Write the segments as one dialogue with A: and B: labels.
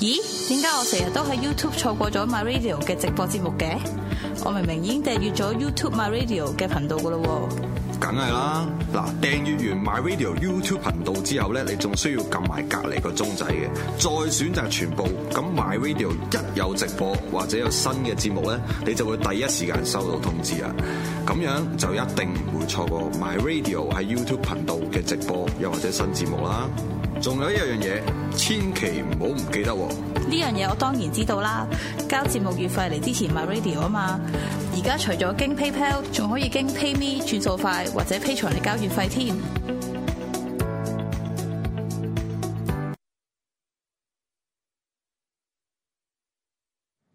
A: 咦？點解我成日都喺 YouTube 錯過咗 My Radio 嘅直播節目嘅？我明明已經訂閱咗 YouTube My Radio 嘅頻道噶咯喎。梗係啦，嗱訂閱完 My Radio YouTube 頻道之後咧，你仲需要撳埋隔離個鐘仔嘅，再選擇全部。咁 My Radio 一有直播或者有新嘅節目咧，你就會第一時間收到通知啦！咁樣就一定唔會錯過 My Radio 喺 YouTube 頻道嘅直播又或者新節目啦。仲有一樣嘢，千祈唔好唔記得喎！呢樣嘢我當然知道啦，交節目月費嚟支持 MyRadio 啊嘛！而家除咗經 PayPal，仲可以經 PayMe 轉數快或者 Patreon 嚟交月費添。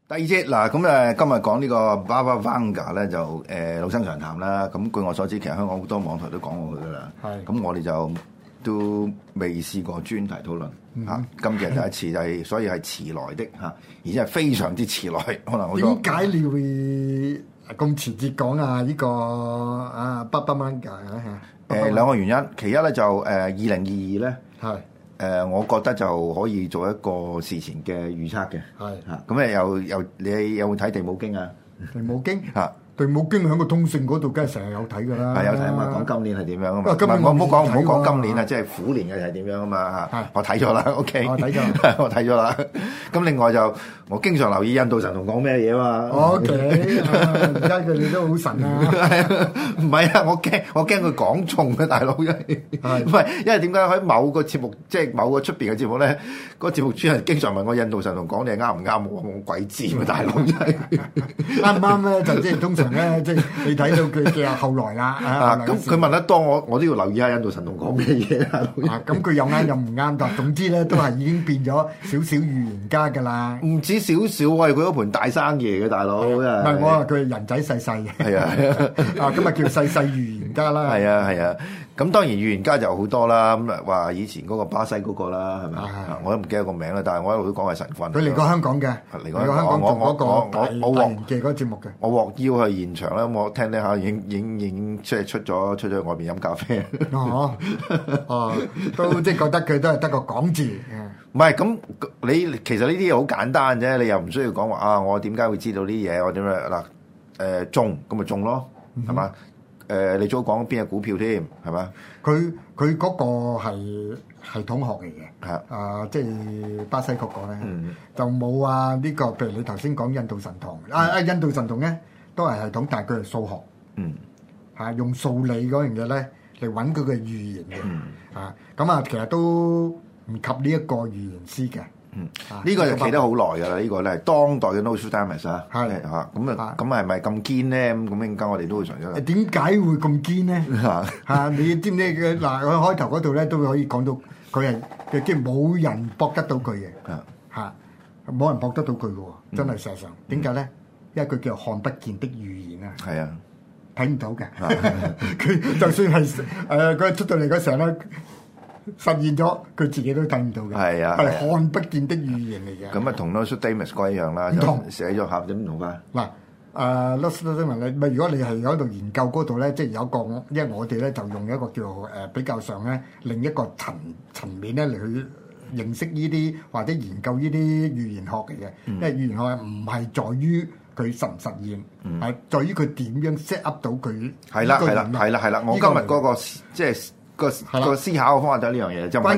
A: 第二隻嗱，咁誒今日講呢個 Baba Vanga 咧，就誒老生常談啦。咁據我所知，其實香港好多網台都講過佢噶啦。係咁是，我哋就都未試過專題討論嚇、嗯哼啊，今日第一次就係，所以係遲來的嚇、啊，而且係非常之遲來，可能好多，點
B: 解你咁遲先講啊？呢、這個啊 Baba Vanga、Baba Vanga 兩個
A: 原因，其一咧就誒二零二二咧，係、呃、誒是、呃、我覺得就可以做一個事前嘅預測嘅，係嚇是。咁咧、啊、又又你有冇睇地母經啊？嗯、
B: 地母經嚇。啊對冇經喺個通勝嗰度，梗係成日有睇噶啦。係有睇啊嘛，講今
A: 年係點樣啊嘛。唔好講唔好講今年啊，嘛即係虎年嘅係點樣啊嘛嚇。是我睇咗啦。Okay。哦、 我睇咗。我睇咗啦。咁另外就我經常留意印度神童講咩嘢嘛。Okay。而家佢哋都好神啊。唔 係 啊，我驚我驚佢講重啊大佬 的， 因為唔係因為點解喺某個節目，即係某個出邊嘅節目咧？個節目主持人經常問我印度神童講你啱唔啱，我鬼知啊！不大佬大、啊，
B: 真係啱唔啱咧？就即係通常咧，即係你睇到佢嘅後來啦。咁佢問
A: 得多，我我都要留意下印度神童講咩嘢啦。
B: 咁佢又啱又唔啱，但係總之咧都係已經變咗少少預言家噶啦。
A: 唔止少少，喂，佢一盤大生意嘅大佬。唔係，我話佢係
B: 人仔細細。
A: 係啊，啊咁啊， 啊叫細細預言家啦。係啊，係啊。咁當然預言家就好多啦，咁啊話以前嗰個巴西嗰、那個啦，係咪、啊、我都唔記得個名啦，但係我一路都講係神棍。佢嚟過香港
B: 嘅，嚟過香港。
A: 我我我我我獲記嗰個節目嘅。我獲邀去現場啦，我聽聽下，影影影即係出咗出咗外邊飲咖啡。 哦，
B: 哦， 都即係覺得佢都係得個講字。
A: 唔係咁，嗯、你其實呢啲嘢好簡單啫，你又唔需要講話啊！我點解會知道呢啲嘢？我點樣嗱？誒、呃、中咁咪中，中，中咯，係嘛？誒、呃，你早講邊個股票添？係嘛？佢
B: 佢嗰個係系統學嚟嘅，啊的、呃，即係巴西嗰個咧，嗯、就冇啊呢、呢個。譬如你頭先講印度神童，啊、嗯、啊，印度神童咧都係系統，但係佢係數學，嗯，嚇、啊、用數理嗰樣嘢咧嚟揾佢嘅預言嘅，嗯、啊，咁啊，其實都唔及呢一個預言師嘅。
A: 嗯，呢個就企得好耐噶啦，呢個咧係當代嘅 Nostradamus 啊，嚇咁啊，咁係咪咁堅咧？咁咁應該我哋都會常咗。點解會咁堅咧？嚇嚇，你知唔知嘅？
B: 嗱，佢開頭嗰度咧都會可以講到佢係即係冇人博得到佢嘅嚇，冇人博得到佢嘅喎，真係事實上點解咧？因為佢叫看不見的預
A: 言啊，係啊，
B: 睇唔到嘅，佢就算係誒佢出到嚟嗰時候咧。實現咗佢自己都睇唔到嘅，係啊，係看不見的語
A: 言嚟嘅。咁啊、嗯，嗯、同 Nostradamus 一樣啦，唔同寫咗下點唔同啊？嗱，誒
B: Nostradamus 咧，唔如果你係喺度研究嗰度咧，即、就、係、是、有一個，因為我哋咧就用一個叫做、呃、比較上咧另一個層層面咧嚟去認識呢啲或者研究呢啲語言學嘅嘢，嗯、因為語言學唔係在於佢實唔實現，係、嗯、在於佢點樣 set up 到佢。係啦係啦係啦
A: 係啦！我今日嗰個即係。就是個個思考嘅方法就係呢樣嘢，就唔係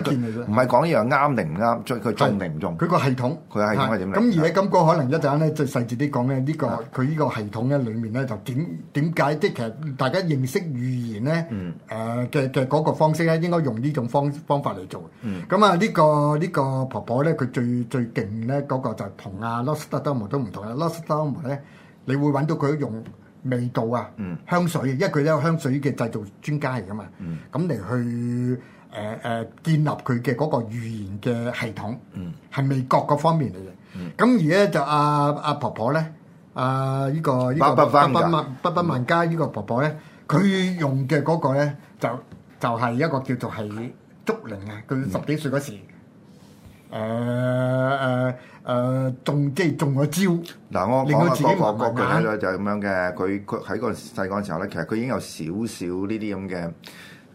A: 唔係講呢樣啱定唔啱，即係佢中定唔中？佢個系統，佢系統係點嚟？咁而家
B: 金哥可能一陣咧，最細緻啲講咧，呢、這個佢呢的個系統咧，裡面咧就點點解？即係其實大家認識語言
A: 咧，
B: 誒嘅嘅嗰個方式咧，應該用呢種方方法嚟做。咁、嗯、啊，呢、這個呢、這個婆婆咧，佢最最勁咧，嗰個就係同阿 Nostradamus 都唔同啊 Nostradamus 咧，你會揾到佢用。味道啊，香水，因為佢都有香水嘅製造專家嚟㗎嘛，咁嚟、嗯、去誒誒、呃呃、建立佢嘅嗰個語言嘅系統，係味覺嗰方面嚟嘅。咁、嗯、而咧就阿、啊、阿、啊、婆婆咧，阿、啊、呢、這個依、這個巴巴萬巴巴萬加依個婆婆咧，佢、嗯、用嘅嗰個咧就就係、是、一個叫做係竹靈啊，佢十幾歲嗰時，誒、嗯啊啊誒、呃、中即係中咗招。
A: 嗱、啊，我講、嗰個國國劇咧就係咁樣嘅，佢佢喺個細個嘅時候咧，其實佢已經有少少呢啲咁嘅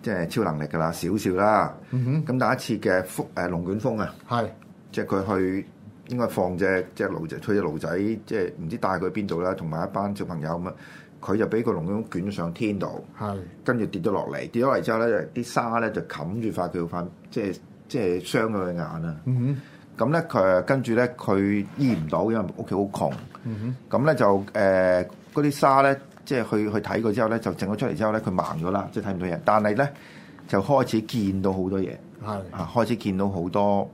A: 即係超能力噶啦，少少啦。咁、嗯、哼第一次嘅風誒龍捲風啊，係是，即係佢去應該放隻隻驢仔，佢隻驢仔即係唔知帶佢去邊度啦，同埋一班小朋友咁啊，佢就俾個龍捲風捲咗上天度，係是，跟住跌咗落嚟，跌咗落嚟之後咧，啲沙咧就冚住塊佢塊，即係即係傷咗佢嘅眼啊。嗯咁咧佢跟住咧佢醫唔到，因為屋企好窮。咁咧、嗯、哼就誒嗰啲沙咧，即係去去睇過之後咧，就整咗出嚟之後咧，佢盲咗啦，即係睇唔到嘢。但係咧就開始見到好多嘢，啊的開始見到好多。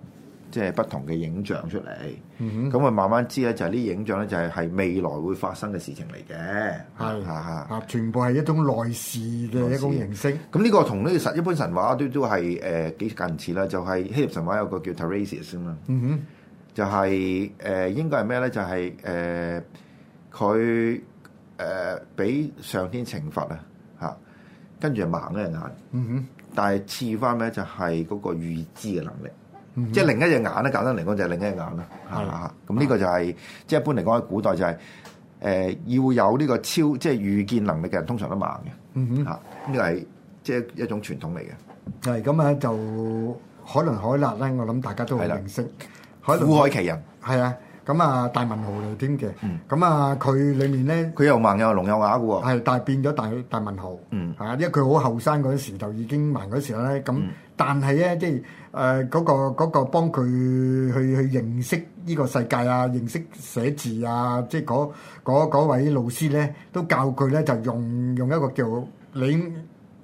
A: 即係不同嘅影像出嚟，咁啊、嗯、哼慢慢知咧，就係、是、啲影像咧就係係未來會發生嘅事情嚟嘅，
B: 係啊，全部係一種內視嘅一種形式。
A: 咁呢個同呢個神一般神話都都係誒幾近似啦，就係、是、希臘神話有個叫 Tiresia、嗯、哼 s 嘛、就是呃，就係誒應該係咩咧？就係誒佢誒俾上天懲罰啊，嚇，跟住盲咗隻眼，但係賜翻咧？就係、是、嗰個預知嘅能力。即係另一隻眼咧，簡單嚟講就係另一隻眼啦，係啦的。咁呢、啊、個就係即係一般嚟講喺古代就係、是、誒、呃、要有呢個超即係、就是、預見能力嘅人，通常都盲嘅。嗯哼，吓呢個係即係一種傳統嚟嘅。
B: 係咁啊，就海倫海勒咧，我諗大家都係認識，
A: 苦的海奇農人
B: 係啊。咁啊，大文豪嚟添嘅。咁啊，佢裡面咧，佢又盲又聾又啞嘅喎。係，但係變咗大大文豪。嗯。啊，因為佢好後生嗰陣時就已經盲嗰時咧，咁、嗯、但係咧即係誒嗰個嗰、嗰個、幫佢去去認識呢個世界啊，認識寫字啊，即係嗰位老師咧都教佢咧就用用一個叫你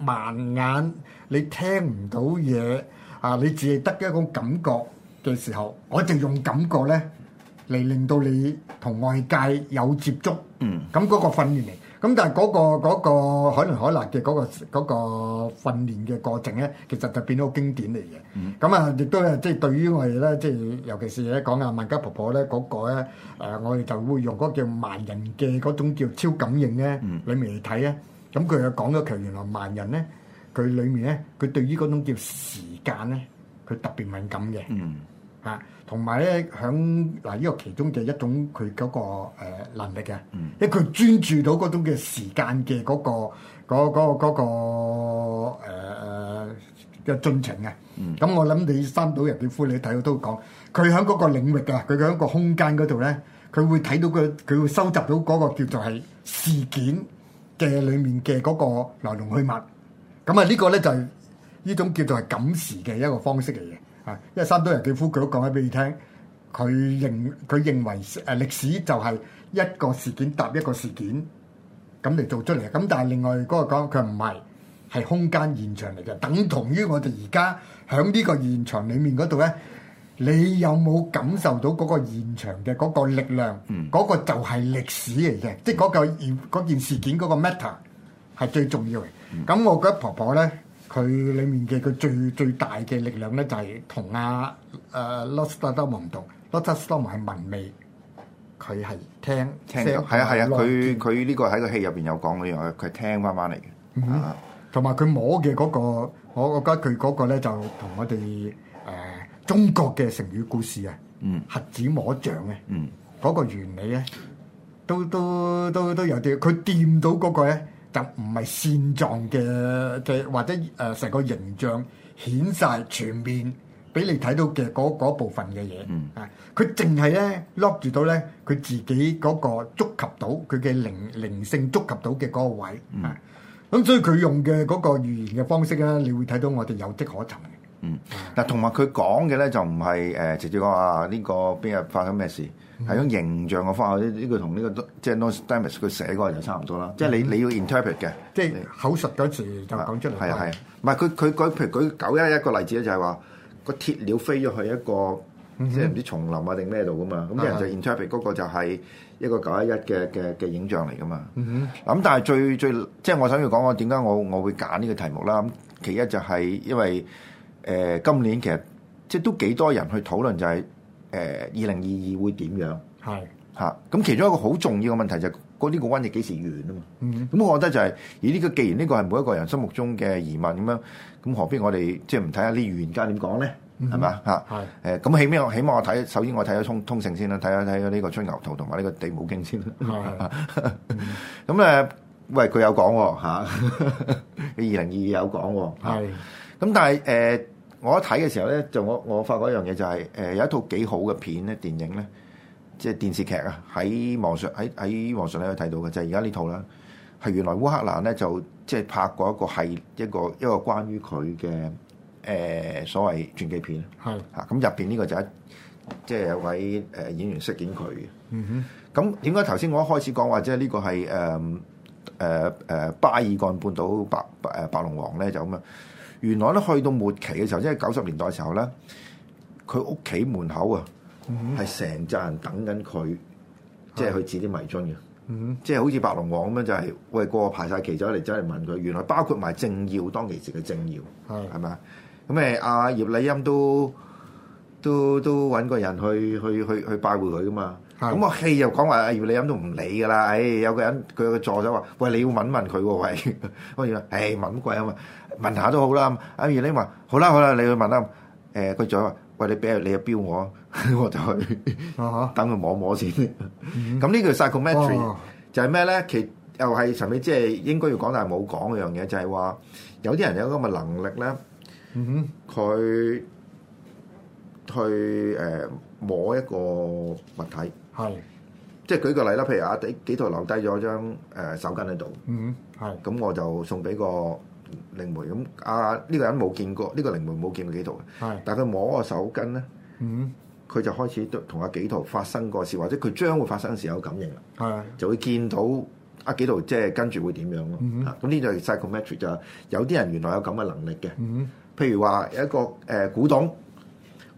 B: 盲眼你聽唔到嘢啊，你只係得一個感覺嘅時候，我就用感覺咧。嚟令到你同外界有接觸，咁嗰個訓練嚟，咁但係嗰個海倫凱勒嘅嗰個嗰個訓練嘅過程咧，其實就變咗經典嚟嘅。咁、嗯、啊，亦都係即係對於我哋咧，即係尤其是咧講啊萬家婆婆咧嗰、那個咧、啊，誒、呃、我哋就會用嗰叫盲人嘅嗰種叫超感應咧，裏、嗯、面嚟睇咧，咁佢又講咗句，原來盲人咧，佢裡面咧，佢對於嗰種叫時間咧，佢特別敏感嘅，嚇、嗯。啊同埋咧，響嗱呢個其中嘅一種佢嗰個誒能力嘅，因為佢專注到嗰種嘅時間嘅嗰個嗰嗰個嗰個誒誒嘅進程嘅。咁我諗你三島由紀夫你睇到都講，佢喺嗰個領域啊，佢喺一個空間嗰度咧，佢會睇到個佢會收集到嗰個叫做係事件嘅裡面嘅嗰個來龍去脈。咁啊呢個咧就係呢種叫做係感時嘅一個方式嚟嘅。啊！因為三堆人幾乎佢都講咗俾你聽，佢認佢認為誒歷史就係一個事件搭一個事件咁嚟做出嚟嘅。咁但係另外嗰個講，佢唔係係空間現場嚟嘅，等同於我哋而家喺呢個現場裡面嗰度咧，你有冇感受到嗰個現場嘅嗰個力量？嗯，嗰個就係歷史嚟嘅，即係嗰個現嗰件事件嗰個 matter 係最重要嘅。咁我覺得婆婆咧。佢裡面嘅佢最最大嘅力量咧，就係同阿誒 Luther Dorm 唔同 Luther Dorm 係聞味，佢係聽聽到，係啊係啊，佢
A: 佢呢個喺個戲入邊有講嗰樣，佢係聽翻翻嚟嘅。
B: 同埋佢摸嘅嗰、那個，我我覺得佢嗰個咧就同我哋誒、呃、中國嘅成語故事啊，嗯，瞎子摸象啊，嗯，嗰、嗯、個原理咧，都都都都,都,都有啲，佢掂到嗰個咧。就唔係線狀嘅嘅，或者誒成、呃、個形象顯晒全面俾你睇到嘅嗰部分嘅嘢，嗯、啊！佢淨係咧 lock 住到咧，佢自己嗰個觸及到佢嘅靈靈性觸及到嘅嗰個位，嗯、啊！咁所以佢用嘅嗰個語言嘅方式咧，你會睇到我
A: 哋有跡可尋嘅。嗯，但，同埋佢講嘅咧就唔係誒直接講話，呢個邊日發生咩事。係種形象嘅方向，呢、這個同呢、這個即係、就是、Nostradamus 佢寫嗰個就差唔多啦。嗯、即係是你你要 interpret 嘅，即係口述嗰時就講出嚟。係啊係啊，唔係佢佢舉譬如舉九一一個例子咧，就係話個鐵鳥飛咗去一個、嗯、哼即係唔知叢林啊定咩度噶嘛，咁啲人就 interpret 嗰個就係一個九一一嘅嘅嘅影像嚟噶嘛。咁、嗯、哼但係最最即係我想要講我點解我我會揀呢個題目啦。咁其一就係因為誒、呃、今年其實即係都幾多人去討論就係、是。誒二零二二會點樣？係嚇，咁其中一個好重要嘅問題就係這個、係嗰啲個瘟疫幾時完啊嘛。咁、嗯嗯、我覺得就係、是，而呢、這個既然呢個係每一個人心目中嘅疑問咁樣，咁何必我哋即係唔睇下啲預言家點講咧？係咪？嚇？係誒，咁起碼起碼我睇，首先我睇咗通通，通勝先啦，睇下睇咗呢個春牛圖同埋呢個地母經先咁誒，喂，佢有講喎嚇，二零二二有講喎、哦。咁但係誒。呃我一睇嘅時候咧，就我我發覺一樣嘢就係，誒有一套幾好嘅片咧，電影咧，即係電視劇啊，喺網上喺喺網上咧可以睇到嘅，就係而家呢套啦，係原來烏克蘭咧就即係拍過一個係一個一個關於佢嘅誒所謂傳記片，係嚇，咁入邊呢個就係即係有位誒演員飾演佢嘅，嗯哼。咁點解頭先我一開始講話即係呢個係誒誒誒巴爾幹半島白誒白龍王咧就咁啊？原來咧去到末期嘅時候，即係九十年代嘅時候咧，佢屋企門口啊，係成扎人等緊佢，即係去指啲是的 迷津嘅，即係好似白龍王咁樣，就係喂個排晒旗走嚟走嚟問佢。原來包括埋政要當其時嘅政要，係係咪啊？咁誒，阿葉利欽都都都揾個人去去去去拜會佢㗎嘛。咁個戲又講話阿葉利欽都唔理㗎啦。誒有個人佢個助手話：喂，你要問問佢喎，喂。我話：誒問鬼啊嘛！問下都好啦。假如你話好啦，好啦，你去問啦。誒，佢再話，喂，你俾你嘅標我，我就去。啊哈！等佢摸摸先。咁呢個 psychometry 就係咩咧？其又係尋日即係應該要講，但係冇講嗰樣嘢，就係話有啲人有咁嘅能力咧。嗯哼，佢去誒摸一個物體，係即係舉個例啦。譬如啊，紀陶留低咗張誒手巾喺度。嗯哼，係。咁我就送俾個。靈媒咁，阿呢、啊這個人冇見過，呢、這個靈媒冇見過幾圖嘅，是但係佢摸個手巾咧，佢、嗯、就開始同阿幾圖發生過事，或者佢將會發生嘅事有感應啦，是就會見到阿、啊、幾圖即係跟住會點樣咯。咁呢、嗯嗯啊、就 psychometric 就有啲人原來有咁嘅能力嘅，嗯嗯、譬如話有一個誒、呃、古董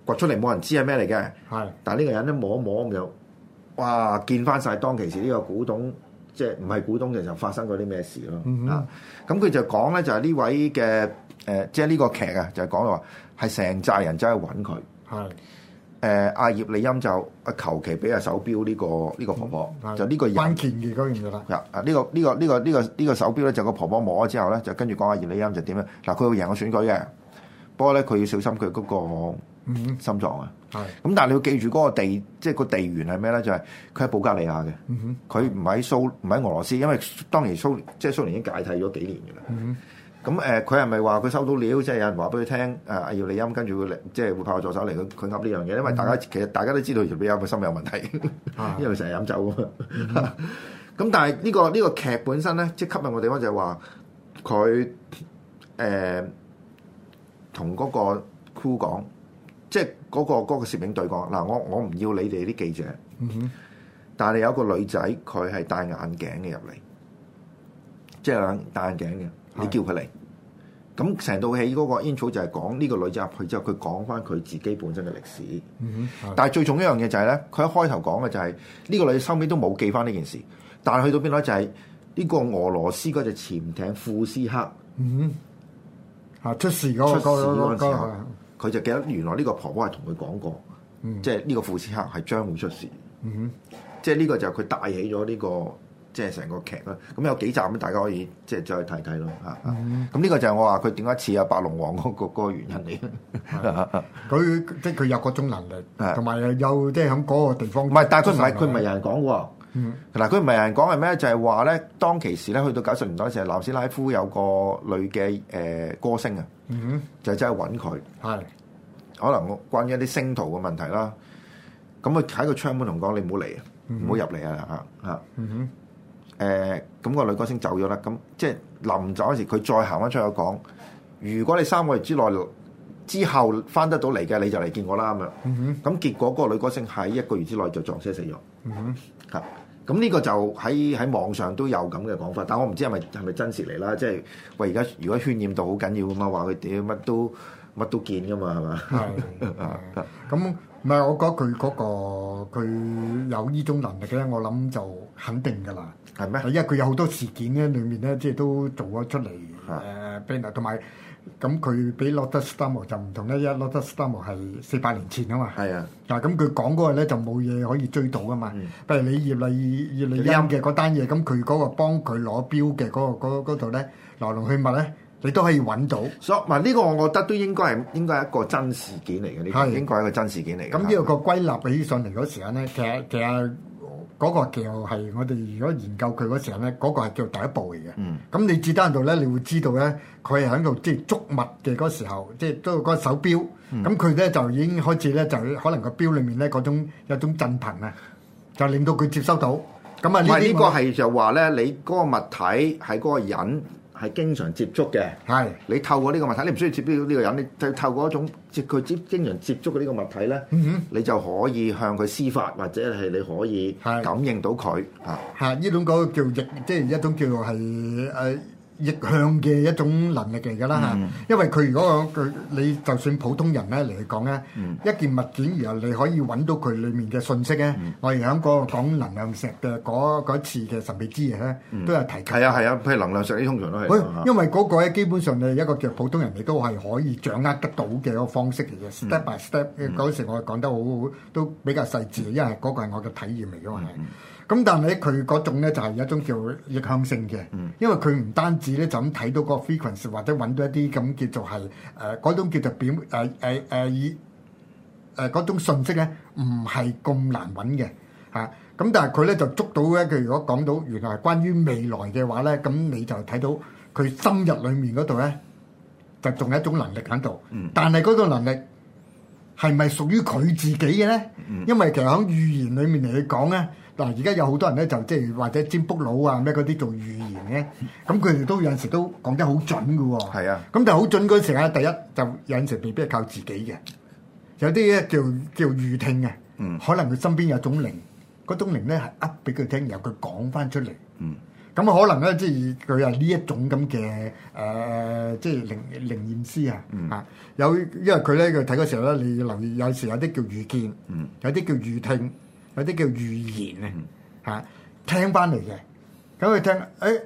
A: 掘出嚟冇人知係咩嚟嘅，是但係呢個人摸一摸一摸咁就哇見翻晒當其時呢個古董。即係唔係股東嘅時候發生過啲咩事咯？啊、嗯，咁佢、嗯、就講咧，就係、是、呢位嘅誒、呃，即係呢個劇啊，就係講話係成寨人走去揾佢。係誒、嗯，阿、呃、葉利欽就啊，求其俾隻手錶呢、呢個呢、呢個婆婆，嗯、就呢個人關鍵嘅嗰樣啦。啊啊，呢、呢個呢、呢個呢、呢個呢、呢個呢、呢個手錶咧，就個婆婆摸咗之後咧，就跟住講阿葉利欽就點咧？嗱，佢會贏過選舉嘅，不過咧佢要小心佢嗰個心臟啊。嗯。係，咁、嗯、但係你要記住嗰個地，即、就、係、是、個地緣係咩咧？就係佢喺保加利亞嘅，佢唔喺蘇唔喺俄羅斯，因為當年蘇即係、就是、蘇聯已經解體咗幾年嘅啦。咁誒、嗯哼，佢係咪話佢收到料？即、就、係、是、有人話俾佢聽，誒、呃，阿葉利欽跟住佢嚟，即係派爆助手嚟，佢佢噏呢樣嘢，因為大家、嗯、哼其實大家都知道葉利欽個心理有問題，啊、 因為成日飲酒啊嘛。咁但係呢、這個呢、這個劇本身咧，即係吸引我地方就係話佢誒同嗰個 Cool 講。即係、那、嗰個嗰、那個、攝影隊講嗱，我我唔要你哋啲記者，嗯、哼但係有一個女仔佢係戴眼鏡嘅入嚟，即係戴眼鏡嘅，你叫佢嚟。咁成套戲嗰個 e n 就係講呢個女仔入去之後，佢講翻佢自己本身嘅歷史。嗯、但係最重要一樣嘢就係咧，佢一開頭講嘅就係、是、呢、這個女仔收尾都冇記翻呢件事，但係去到邊度就係、是、呢個俄羅斯嗰隻潛艇庫斯克嚇、嗯、出事嗰、那個、時候。佢就記得原來呢個婆婆係同佢講過，嗯、即係呢個庫斯克係將會出事，嗯、哼即係呢個就係佢帶起咗呢、這個即係成個劇啦。咁有幾集咧，大家可以即係再睇睇咯嚇。咁呢、嗯哼啊、個就係我話佢點解似阿白龍王嗰、那個那個原因嚟。佢、嗯、哼 即係佢有嗰種
B: 能力，同埋又即係喺嗰
A: 個地方。唔係，但係佢唔係佢唔係人講喎。啊嗱，佢唔係人講係咩，就係話咧，當其時咧，去到九十年代時係南斯拉夫有個女嘅誒、呃、歌星啊，嗯、哼就真係去揾佢，嗯、哼可能我關於一啲星途嘅問題啦。咁佢喺個窗門同講：你唔好嚟，唔好入嚟啊！嚇嚇。誒，咁個女歌星走咗啦。咁即係臨走嗰時，佢再行翻出嚟講：如果你三個月之內之後翻得到嚟嘅，你就嚟見我啦。咁、嗯、樣。咁、嗯、哼結果嗰個女歌星喺一個月之內就撞車死咗。嚇、嗯、哼～、嗯咁呢、嗯，這個就喺喺網上都有咁嘅講法，但我唔知係咪係咪真實嚟啦，即係喂而家如果渲染到好緊要咁啊，話佢哋乜都乜都見噶嘛，係嘛？係咁
B: 唔係我覺得佢嗰，那個佢有呢種能力咧，我諗就肯定㗎啦。係咩嗎？因為佢有好多事件咧，裡面咧即係都做咗出嚟誒，brand 同埋。呃嗎咁佢比 Nostradamus 就唔同咧，一 Nostradamus 係四百年前啊嘛。係啊，嗱咁佢講嗰個咧就冇嘢可以追到啊嘛。譬、嗯、如你葉麗葉麗陰嘅嗰單嘢，咁佢嗰個幫佢
A: 攞標嘅嗰度咧來龍去脈咧，你都可以揾到。所，嗱呢個我覺得都應該係應該係一個真事件嚟嘅呢個，是應該係一個真事件嚟。咁呢個個歸納起上嚟嗰
B: 時間咧，其實其實。嗰個其實係我哋如果研究佢嗰時候咧，嗰、那個係叫第一步嚟嘅。咁、嗯、你至到嗰度咧，你會知道咧，佢係喺度即係捉物嘅嗰時候，即係都嗰個手錶。咁佢咧就已經開始咧，就可能個錶裡面咧嗰種有種震頻啊，就令到佢接收到。咁啊，這個、呢個係
A: 就話咧，你嗰個物體係嗰個人。係經常接觸嘅。係是你透過呢個物體，你唔需要接觸到呢個人，你透過一種接佢接經常接觸嘅呢個物體咧，嗯、哼你就可以向佢施法，或者係你可以感應到佢嚇。嚇呢種嗰個叫即係一種
B: 叫做係誒。Uh, 逆向嘅一種能力嚟㗎啦，吓，因為佢如果佢你就算普通人呢嚟講呢，一件物件然後你可以揾到佢裡面嘅訊息呢，我哋喺個講能量石嘅嗰次嘅神秘之夜呢，都有
A: 提及。係啊，係啊，譬如能量石呢，通常都係。因為
B: 嗰個基本上你一個普通人，你都係可以掌握得到嘅一個方式嚟嘅，Step by step 嗯，嗰時我講得好好，都比較細緻，嗯，因為嗰個係我嘅體驗嚟㗎嘛，係。咁但係咧，佢嗰種咧就係、是、一種叫逆向性嘅，因為佢唔單止咧就咁睇到個 frequency 或者揾到一啲咁叫做係誒嗰種叫做表誒誒誒以誒嗰種信息咧，唔係咁難揾嘅嚇。咁、啊、但係佢咧就捉到咧，佢如果講到原來係關於未來嘅話咧，咁你就睇到佢深入裡面嗰度咧，就仲有一種能力喺度。嗯、但係嗰個能力係咪屬於佢自己嘅咧？嗯、因為其實喺預言裡面嚟去講咧。嗱，而家有好多人咧，就即、是、係或者占卜佬佬啊，咩嗰啲做預言嘅，咁佢哋都有陣、哦係啊、時都講得好準嘅喎。啊，咁但係好準嗰陣時啊，第一就有陣時未必係靠自己嘅，有啲咧叫叫預聽嘅、啊，嗯、可能佢身邊有種靈，嗰種靈咧係噏俾佢聽，由佢講翻出嚟。嗯，咁可能咧即係佢係呢、就是、是一種咁嘅誒，即、呃、係、就是、靈靈驗師啊嚇、嗯啊。有因為佢咧，佢睇嗰時咧，你要留意有時有啲叫預見，有啲叫預聽。有啲叫預言咧嚇、啊，聽翻嚟嘅，咁、嗯、佢聽，誒、欸、誒、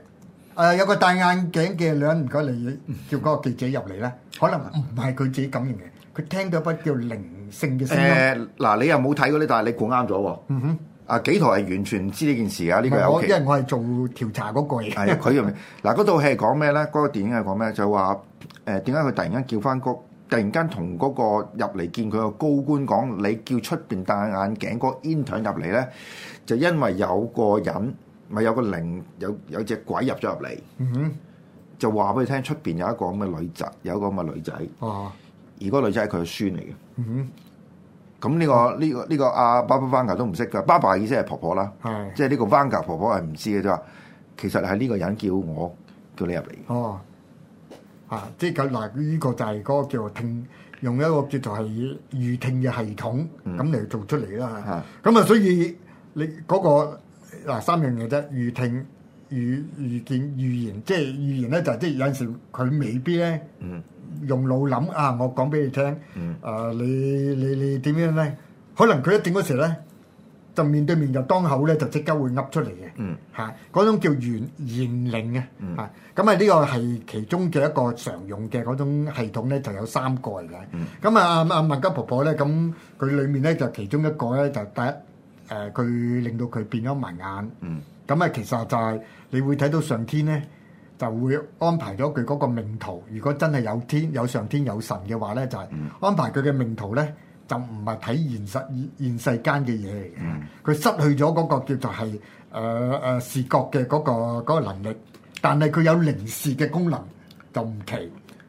B: 呃、有個戴眼鏡嘅女人唔該你，叫個記者入嚟咧，可能唔係佢自己感應嘅，佢聽到一把叫靈性嘅聲音。
A: 嗱、欸，你又冇睇過呢，但係你估啱咗
B: 喎。
A: 嗯、哼，啊紀陶係完全唔知呢件事啊，呢個係因為
B: 我係做調查嗰個嘢。係佢
A: 嗱嗰套戲係講咩咧？嗰個 電影係講咩？就話誒點解佢突然間叫翻個。突然間同嗰個入嚟見佢個高官講：你叫出邊戴眼鏡、嗰個 intern 入嚟咧，就因為有個人咪有個靈有有隻鬼入咗入嚟，就話俾佢聽出邊有一個咁嘅、嗯、哼女侄，有一個咁嘅女仔。哦，而嗰個女仔係佢嘅孫嚟嘅。嗯哼，咁呢、呢個呢、呢個呢個阿爸爸 Vanga 都唔識噶，爸爸意思係婆婆啦，是即係呢個 Vanga 婆婆係唔知嘅啫。其實係呢個人叫我叫你入嚟。
B: 哦。啊！即係嗱，呢、啊這個就係嗰個叫做聽，用一個叫做係預聽嘅系統咁嚟、嗯、做出嚟啦嚇。咁、嗯嗯、啊，所以你嗰、那個嗱、啊、三樣嘢啫，預聽、預預見、預言，即係預言咧、就係，就即係有陣時佢未必咧、嗯、用腦諗啊，我講俾你聽。啊、嗯呃，你你你點樣咧？可能佢一點嗰時咧。就面對面就當口咧，就即刻會噏出嚟嘅。嚇、嗯，嗰、啊、種叫言言領嘅。嚇、嗯，咁啊呢個係其中嘅一個常用嘅嗰種系統咧，就有三個嚟嘅。咁啊、嗯、啊，萬加婆婆咧，咁佢裡面咧就其中一個咧，就第一誒，佢、呃、令到佢變咗埋眼。咁、嗯、啊，其實就係你會睇到上天咧，就會安排咗佢嗰個命途。如果真係有天有上天有神嘅話咧，就係、是、安排佢嘅命途咧。就唔係睇現實現世間嘅嘢，佢、嗯、失去咗嗰個叫做係誒誒視覺嘅嗰、嗰個嗰個能力，但係佢有靈視嘅功能
A: 就唔奇。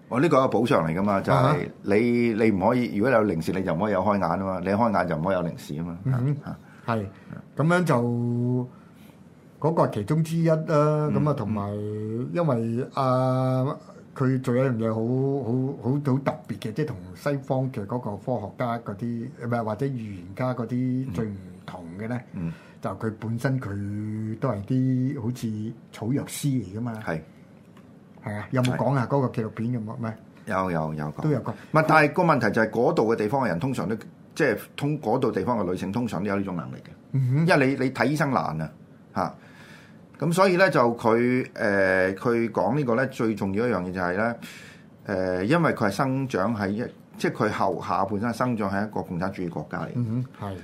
A: 我呢、哦呢個係補償嚟噶嘛，就係、係、你你唔可以，如果有靈視，你就唔可以有開眼啊嘛，你開眼就唔可以有靈視啊嘛。嗯
B: 咁、啊、樣就嗰、嗰個係其中之一啦。咁啊，同埋因為啊。呃佢做一樣嘢好好好好特別嘅，即係同西方嘅嗰個科學家嗰啲，唔係或者語言家語言家嗰啲最唔同嘅咧。嗯嗯、就佢本身佢都係啲好似草藥師嚟噶嘛。係啊是，有冇講下嗰個紀錄片嘅冇咩？
A: 有有有都有講。咪但係個問題就係嗰度嘅地方嘅人通常都即係、就是、通嗰度地方嘅女性通常都有呢種能力嘅。嗯嗯、因為你你睇醫生難啊嚇。咁所以咧就佢誒佢講呢個咧最重要一樣嘢就係咧誒，因為佢係生長喺一即係佢後下半生生長喺一個共產主義國家嚟。嗯哼、mm，係、hmm.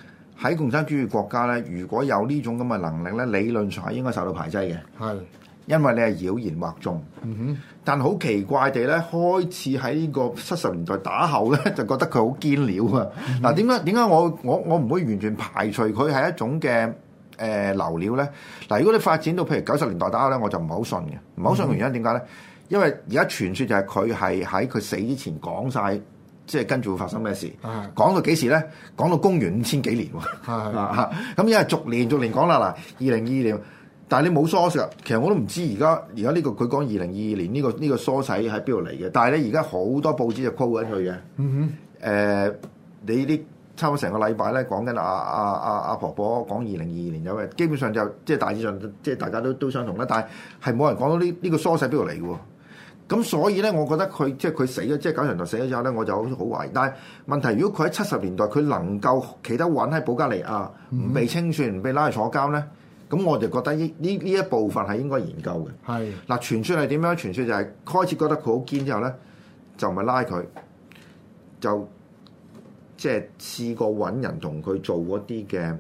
A: 喺共產主義國家咧，如果有呢種咁嘅能力咧，理論上係應該受到排擠嘅。係、mm，hmm. 因為你係妖言惑眾。哼、mm，hmm. 但好奇怪地咧，開始喺呢個七十年代打後咧，就覺得佢好堅料啊！嗱，點解點解我我我唔會完全排除佢係一種嘅？誒、呃、流料咧，嗱，如果你發展到譬如九十年代打咧，我就唔係好信嘅。唔係好信嘅原因點解咧？因為而家傳説就係佢係喺佢死之前講晒，即係跟住會發生咩事。講、嗯嗯嗯嗯、到幾時咧？講到公元五千幾年喎。咁因為逐年逐年講啦。嗱，二零二二年，但係你冇梳實，其實我都唔知而家而家呢個佢講二零二二年呢、呢個呢、呢個梳洗喺邊度嚟嘅。但係咧，而家好多報紙就 call 緊佢嘅。嗯、呃、你呢？差唔多成個禮拜咧，講緊阿阿阿阿婆婆講二零二二年有嘅，基本上就即係大致上即係大家都大家都相同啦。但係係冇人講到呢呢、呢個衰勢邊度嚟嘅喎。咁所以咧，我覺得佢即係佢死咗，即係九十年代死咗之後咧，我就好懷疑。但係問題如果佢喺七十年代佢能夠企得穩喺保加利亞，唔被清算，唔被拉去坐監咧，咁我就覺得呢呢呢一部分係應該研究嘅。係嗱是的 傳說係點樣？傳說就係、係、開始覺得佢好堅之後咧，就唔係拉佢就。即係試過揾人同佢做嗰啲嘅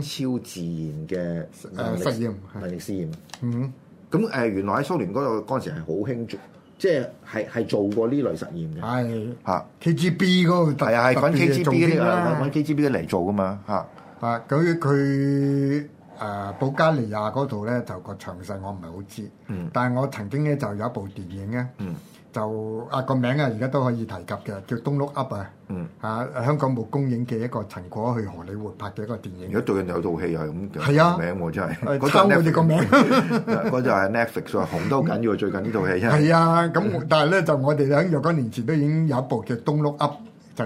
A: 超自然嘅實驗，實驗、嗯、哼實驗。是驗嗯哼，咁誒、呃、原來喺蘇聯嗰度嗰陣時係好興做，即係係係做過呢類實驗
B: 嘅。係嚇 KGB 嗰個係啊，
A: 係揾 KGB 嚟做㗎嘛嚇。啊，
B: 咁佢誒保加利亞嗰度咧就個詳細我唔係好知，但係我曾經咧就有一部電影咧。嗯嗯就啊個名啊，而家、啊、都可以提及嘅，叫《東碌 Up》啊，嚇、嗯啊、香港冇公映嘅一個陳果去荷里活拍嘅一個電影。如果
A: 最近有套戲係咁，名喎真係。嗰陣我哋個名，嗰陣係 Netflix 啊，紅都好緊要啊！最近呢套戲真係。係啊，
B: 咁但係咧， 就我哋喺若干年前都已經有一部叫《東碌 Up》。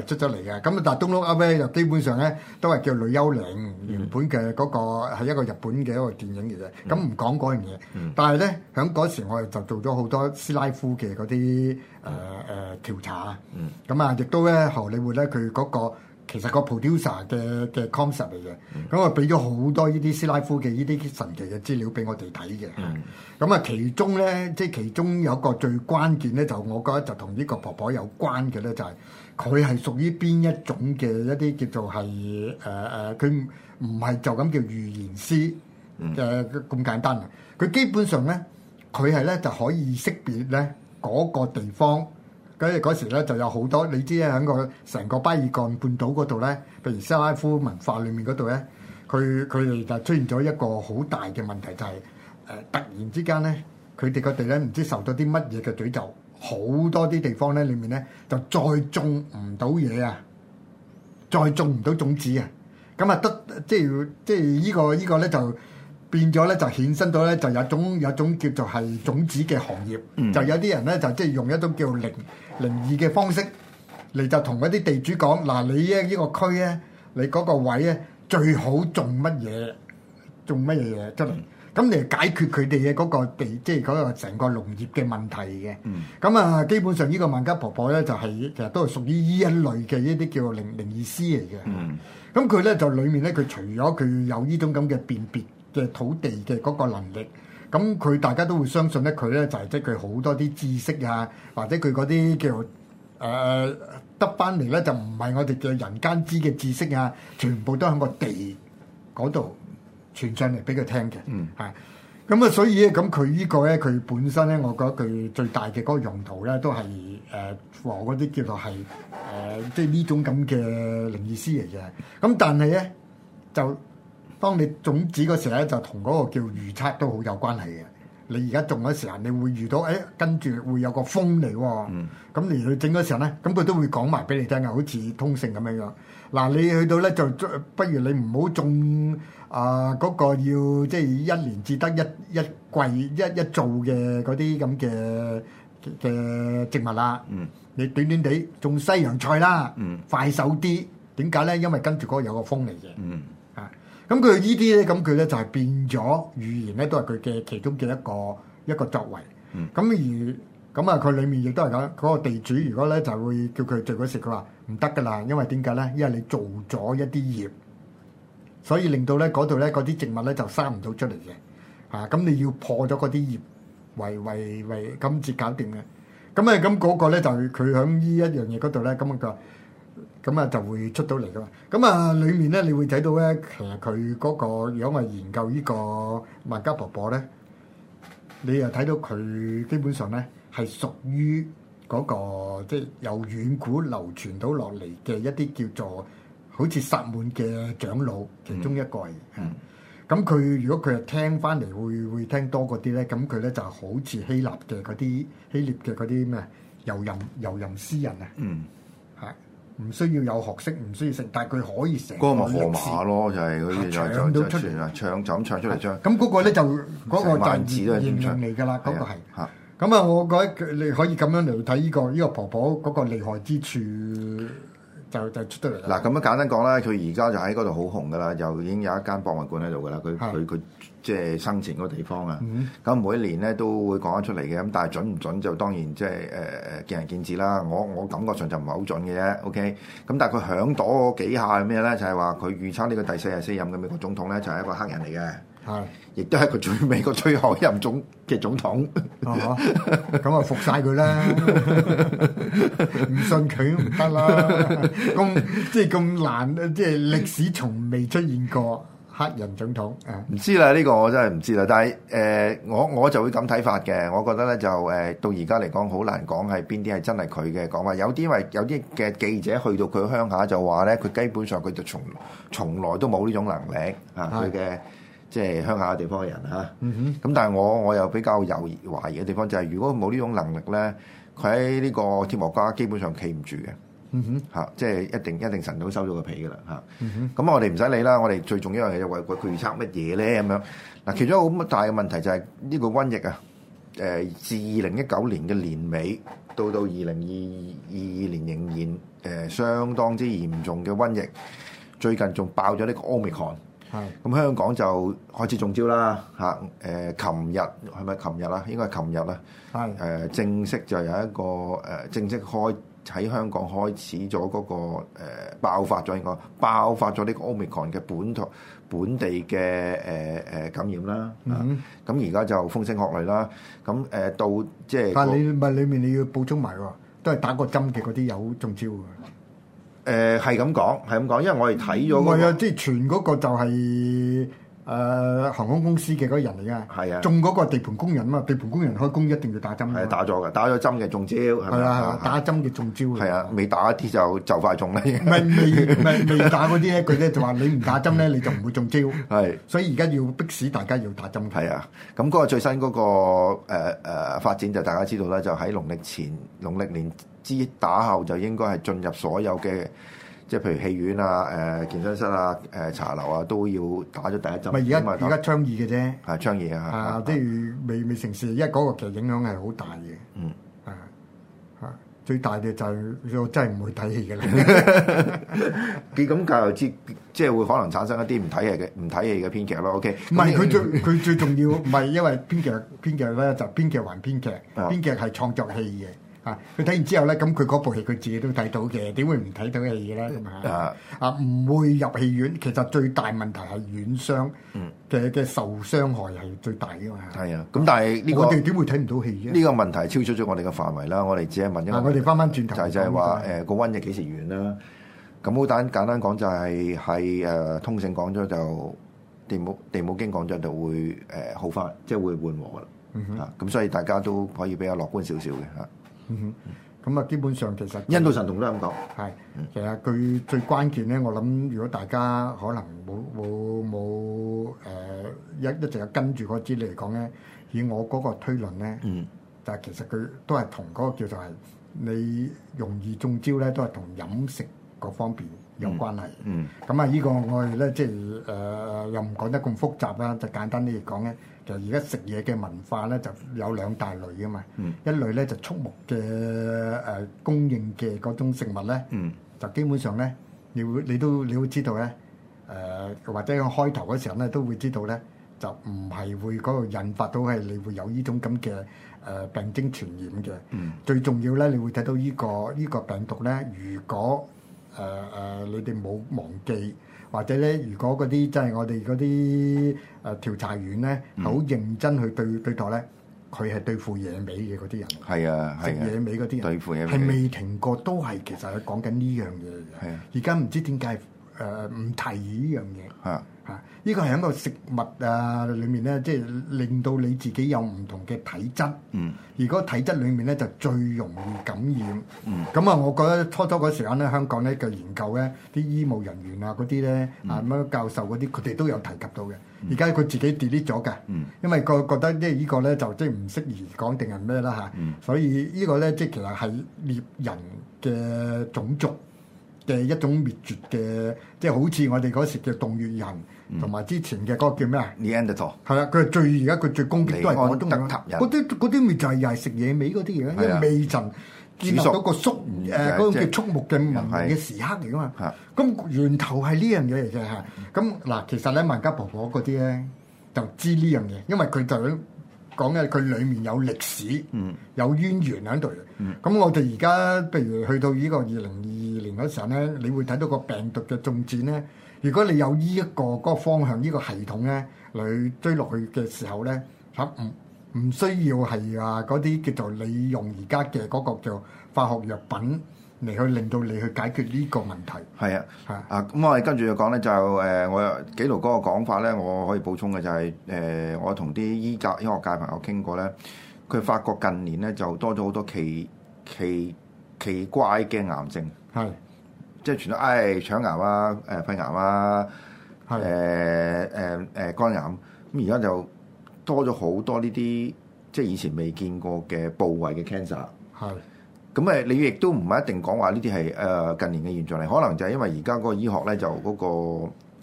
B: 就出咗嚟嘅咁啊！但係東屋阿媽就基本上咧都係叫女幽靈。Mm hmm. 原本嘅嗰、嗰個係一個日本嘅一個電影嚟嘅，咁唔講嗰樣嘢。Hmm. 但係咧喺嗰時，我哋就做咗好多斯拉夫嘅嗰啲誒誒調查啊。咁啊、mm hmm. 嗯，亦都咧荷里活咧佢嗰個其實個 producer 嘅嘅 concept 嚟嘅、mm，咁啊俾咗好多呢啲斯拉夫嘅呢啲神奇嘅資料俾我哋睇嘅。咁啊、mm hmm. 嗯，其中咧即係其中有一個最關鍵咧，就我覺得就同呢個婆，婆婆有關嘅咧、就是，就係、是。佢係屬於邊一種嘅一啲叫做係誒誒，佢唔唔係就咁叫預言師嘅咁、呃、簡單啊！佢基本上咧，佢係咧就可以識別咧嗰、那個地方。咁嗰時咧就有好多，你知咧喺個成個巴爾幹半島嗰度咧，譬如斯拉夫文化裏面嗰度咧，佢佢哋就出現咗一個好大嘅問題，就係、是、誒、呃、突然之間咧，佢哋個地咧唔知受到啲乜嘢嘅詛咒。好多啲地方咧，裏面咧就再種唔到嘢啊，再種唔到種子啊，咁啊得即係即係依個呢、依個咧就變咗咧就衍生到咧就有種有種叫做係種子嘅行業，嗯、就有啲人咧就即係用一種叫做靈靈異嘅方式嚟就同嗰啲地主講嗱、啊，你咧依個區咧你嗰個位咧最好種乜嘢，種乜嘢嘢。真咁嚟解決佢哋嘅嗰個地，即係嗰個成個農業嘅問題嘅。咁啊、嗯，基本上呢個萬家婆婆咧，就係、是、其實都係屬於呢一類嘅一啲叫做靈靈異師嚟嘅。咁佢咧就裡面咧，佢除咗佢有呢種咁嘅辨別嘅土地嘅嗰個能力，咁佢大家都會相信咧，佢咧就係即係佢好多啲知識啊，或者佢嗰啲叫誒得返嚟咧，呃、就唔係我哋嘅人間知嘅知識啊，全部都喺個地嗰度。傳上嚟俾佢聽嘅，嗯、係咁啊！所以咧，咁佢呢個咧，佢本身咧、呃，我覺得佢最大嘅嗰個用途咧，都係誒和嗰啲叫做係誒、呃、即係呢種咁嘅靈異師嚟嘅。咁但係咧，就當你種子嗰時咧，就同嗰個叫預測都好有關係嘅。你而家種嗰時啊，你會遇到誒，跟、欸、住會有個風嚟喎、哦。咁、嗯、你去整嗰時咧，咁佢都會講埋俾你聽嘅，好似通勝咁樣樣。嗱，你去到咧就不如你唔好種。啊！嗰、呃那個要即係一年至得一一季一一做嘅嗰啲咁嘅嘅植物啦、啊。嗯，你短短地種西洋菜啦。
A: 嗯，
B: 快手啲。點解咧？因為跟住嗰個有個風嚟嘅。
A: 嗯。啊，
B: 咁佢呢啲咧，咁佢咧就係變咗語言咧，都係佢嘅其中嘅一個一個作為。嗯。咁而咁啊，佢裏面亦都係咁嗰個地主，如果咧就會叫佢做鬼食，佢話唔得噶啦，因為點解咧？因為你做咗一啲業。所以令到咧嗰度咧嗰啲植物咧就生唔到出嚟嘅，啊！咁你要破咗嗰啲葉，維維維咁先搞掂嘅。咁啊咁嗰個咧就佢喺呢一樣嘢嗰度咧，咁啊佢，咁啊就會出到嚟噶嘛。咁啊裡面咧你會睇到咧，其實佢嗰個如果話研究呢個萬家婆婆咧，你又睇到佢基本上咧係屬於嗰個即係由遠古流傳到落嚟嘅一啲叫做。好似薩滿嘅長老，其中一個，嗯，咁佢如果佢又聽翻嚟，會會聽多嗰啲咧，咁佢咧就好似希臘嘅嗰啲希臘嘅嗰啲咩遊吟遊吟詩人啊，嗯，嚇，唔需要有學識，唔需要識，但係佢可以寫。嗰個荷馬咯，就
A: 係佢啲就就就算啦，唱就咁唱出嚟啫。咁嗰個咧就嗰個就熱現象嚟噶啦，嗰個係。
B: 嚇，咁啊，我覺得你可以咁樣嚟睇呢個呢個婆婆嗰個厲害之處。就出得嚟。嗱，咁
A: 樣簡單講啦，佢而家就喺嗰度好紅㗎喇，又已經有一間博物館喺度㗎喇。佢佢佢即係生前嗰個地方啊。咁每年咧都會講一出嚟嘅，咁但係準唔準就當然即係誒誒見仁見智啦。我我感覺上就唔係好準嘅啫。OK，咁但係佢響咗幾下係咩咧？就係話佢預測呢個第四十四任嘅美國總統咧就係一個黑人嚟嘅。係，亦都係一個美國最後任總嘅總統，
B: 咁啊服晒佢啦，唔信佢都唔得啦。咁即係咁難，即係歷史從未出現過黑人總統。
A: 誒，唔知啦，呢個我真係唔知啦。但係誒，我我就會咁睇法嘅。我覺得咧就誒，到而家嚟講，好難講係邊啲係真係佢嘅講話。有啲因為有啲嘅記者去到佢鄉下，就話咧，佢基本上佢就從從來都冇呢種能力啊，佢嘅。即係鄉下嘅地方嘅人嚇，咁、嗯、哼但係我我又比較有懷疑嘅地方就係，如果冇呢種能力咧，佢喺呢個鐵膜家基本上企唔住嘅嚇，嗯、哼即係一定一定神都收咗個皮噶啦嚇。咁、嗯、哼我哋唔使理啦，我哋最重要係為佢預測乜嘢咧咁樣。嗱，其中一個好大嘅問題就係呢個瘟疫啊，誒、呃、自二零一九年嘅年尾到到二零二二二年仍然誒、呃、相當之嚴重嘅瘟疫，最近仲爆咗呢個奧密克係，咁香港就開始中招啦，嚇、呃，誒，琴日係咪琴日啊？應該係琴日啦。係，誒，正式就有一個誒、呃，正式開喺香港開始咗嗰、個、呃、爆發咗，應該爆發咗呢個 Omicron 嘅本土本地嘅誒誒感染啦。咁而家就風聲洶來風聲鶴唳啦。咁、呃、誒到即係、那個，但你
B: 唔係裡面你要補充埋喎，都係打過針嘅嗰啲有中
A: 招㗎。誒，係咁講，係咁講，因為我哋睇咗。係啊，即
B: 係傳嗰個就係、是。誒、呃、航空公司嘅嗰人嚟噶，啊、中嗰個地盤工人嘛，地盤工
A: 人開工一定要打針，係打咗噶，打咗針嘅中招，係啦，啊啊、打針嘅中招，係啊，未打一啲就就快中啦，未未未
B: 未打嗰啲咧，佢咧 就話你唔打針咧，你就唔會中
A: 招，係、嗯，啊、所以而家要逼使大家要打針，係啊，咁、那、嗰個最新嗰、那個誒誒、呃呃、發展就大家知道啦，就喺農曆前、農曆年之打後就應該係進入所有嘅。即係譬如戲院啊、誒健身室啊、誒茶樓啊，都要打咗第一針。咪而家而家倡議嘅啫。係倡議啊！係啊，
B: 啲、啊、未未成事，因為嗰個其實影響係好大嘅。嗯。啊啊！最大嘅就係我真係唔
A: 會睇戲嘅。你咁教又知，即係會可能產生一啲唔睇戲嘅唔睇戲嘅編劇啦。O、OK? K 是。唔係佢最
B: 佢最重要，唔係因為編劇編劇咧就係、編劇還編劇，編劇係創作戲嘅。 啊！佢睇完之後咧，咁佢嗰部戲佢自己都睇到嘅，點會唔睇到戲咧？咁啊啊！唔會入戲院，其實最大問題係院商嘅嘅受傷害係最大嘅嘛。
A: 係啊！咁但係呢個我哋點會
B: 睇唔到戲院？呢個
A: 問題超出咗我哋嘅範圍啦。我哋只係問一嗱，我哋翻翻轉頭就係就係話個瘟疫幾時完啦？咁好單簡單講就係喺誒通勝講咗就地母地母經講咗就會誒好翻，即係會緩和啦。咁所以大家都可以比較樂觀少少嘅嚇。
B: 嗯哼，咁啊，基本上其實、就是、印度神童都係咁講，係其實佢最關鍵咧，我諗如果大家可能冇冇冇誒一一直有跟住嗰個資料嚟講咧，以我嗰個推論咧，嗯、就係其實佢都係同嗰個叫做係你容易中招咧，都係同飲食嗰方面有關係。嗯，咁、嗯、啊，呢個我哋咧即係誒又唔講得咁複雜啦，就簡單啲嚟講咧。就而家食嘢嘅文化咧，就有兩大類㗎嘛。嗯、一類咧就畜牧嘅誒、呃、供應嘅嗰種食物咧，嗯、就基本上咧，你會你都你會知道咧，誒、呃、或者我開頭嘅時候咧都會知道咧，就唔係會嗰度引發到係你會有呢種咁嘅誒病徵傳染嘅。嗯、最重要咧，你會睇到呢、呢個依、呢個病毒咧，如果誒誒、呃呃、你哋冇忘記。或者咧，如果嗰啲真係我哋嗰啲誒調查員咧，好、嗯、認真去對對待咧，佢係對付野味嘅嗰啲人。
A: 係啊，食、啊、野味嗰啲人。對付野味。係未停
B: 過，都係其實係講緊呢樣嘢嘅。係啊。而家唔知點解。誒唔、呃、提呢樣嘢嚇嚇，呢個係喺個食物啊裡面咧，即係令到你自己有唔同嘅體質。嗯，如果體質裡面咧就最容易感染。嗯，咁啊，我覺得初初嗰時間咧，香港咧嘅研究咧，啲醫務人員啊嗰啲咧，啊乜、嗯、教授嗰啲，佢哋都有提及到嘅。而家佢自己 delete 咗嘅，嗯、因為覺覺得即係呢個咧就即係唔適宜講定係咩啦嚇。所以個呢個咧即係其實係獵人嘅種族。嘅一種滅絕嘅，即係好似我哋嗰時嘅洞穴人，同埋、嗯、之前嘅嗰個叫咩啊？Neanderthal 係啦，佢最而家佢最攻擊都係嗰種突人，嗰啲嗰啲咪就係又係食野味嗰啲嘢咯，的因為未曾建立到個畜誒嗰個叫畜牧嘅文明嘅時刻嚟噶嘛。咁源頭係呢樣嘢嚟嘅嚇。咁嗱的，的其實咧，萬家婆婆嗰啲咧就知呢樣嘢，因為佢就。講嘅佢裡面有歷史，嗯、有淵源喺度。咁、嗯、我哋而家譬如去到個呢個二零二二年嗰陣咧，你會睇到個病毒嘅進展咧。如果你有呢、呢、一個嗰、嗰個、方向、呢、呢個系統咧，你追落去嘅時候咧，嚇唔唔需要係啊嗰啲叫做利用而家嘅嗰個叫化學藥品。嚟去令到你去解決呢個問題。
A: 係的的啊，啊咁我係跟住講咧就誒、呃，我有紀陶哥嘅講法咧，我可以補充嘅就係、是、誒、呃，我同啲醫界、醫學界朋友傾過咧，佢發覺近年咧就多咗好多奇奇奇怪嘅癌症，係即係除咗誒腸癌啊、誒肺癌啊、誒誒誒肝癌，咁而家就多咗好多呢啲即係以前未見過嘅部位嘅 cancer，係。咁誒，你亦都唔係一定講話呢啲係誒近年嘅現象嚟，可能就係因為而家個醫學咧就嗰個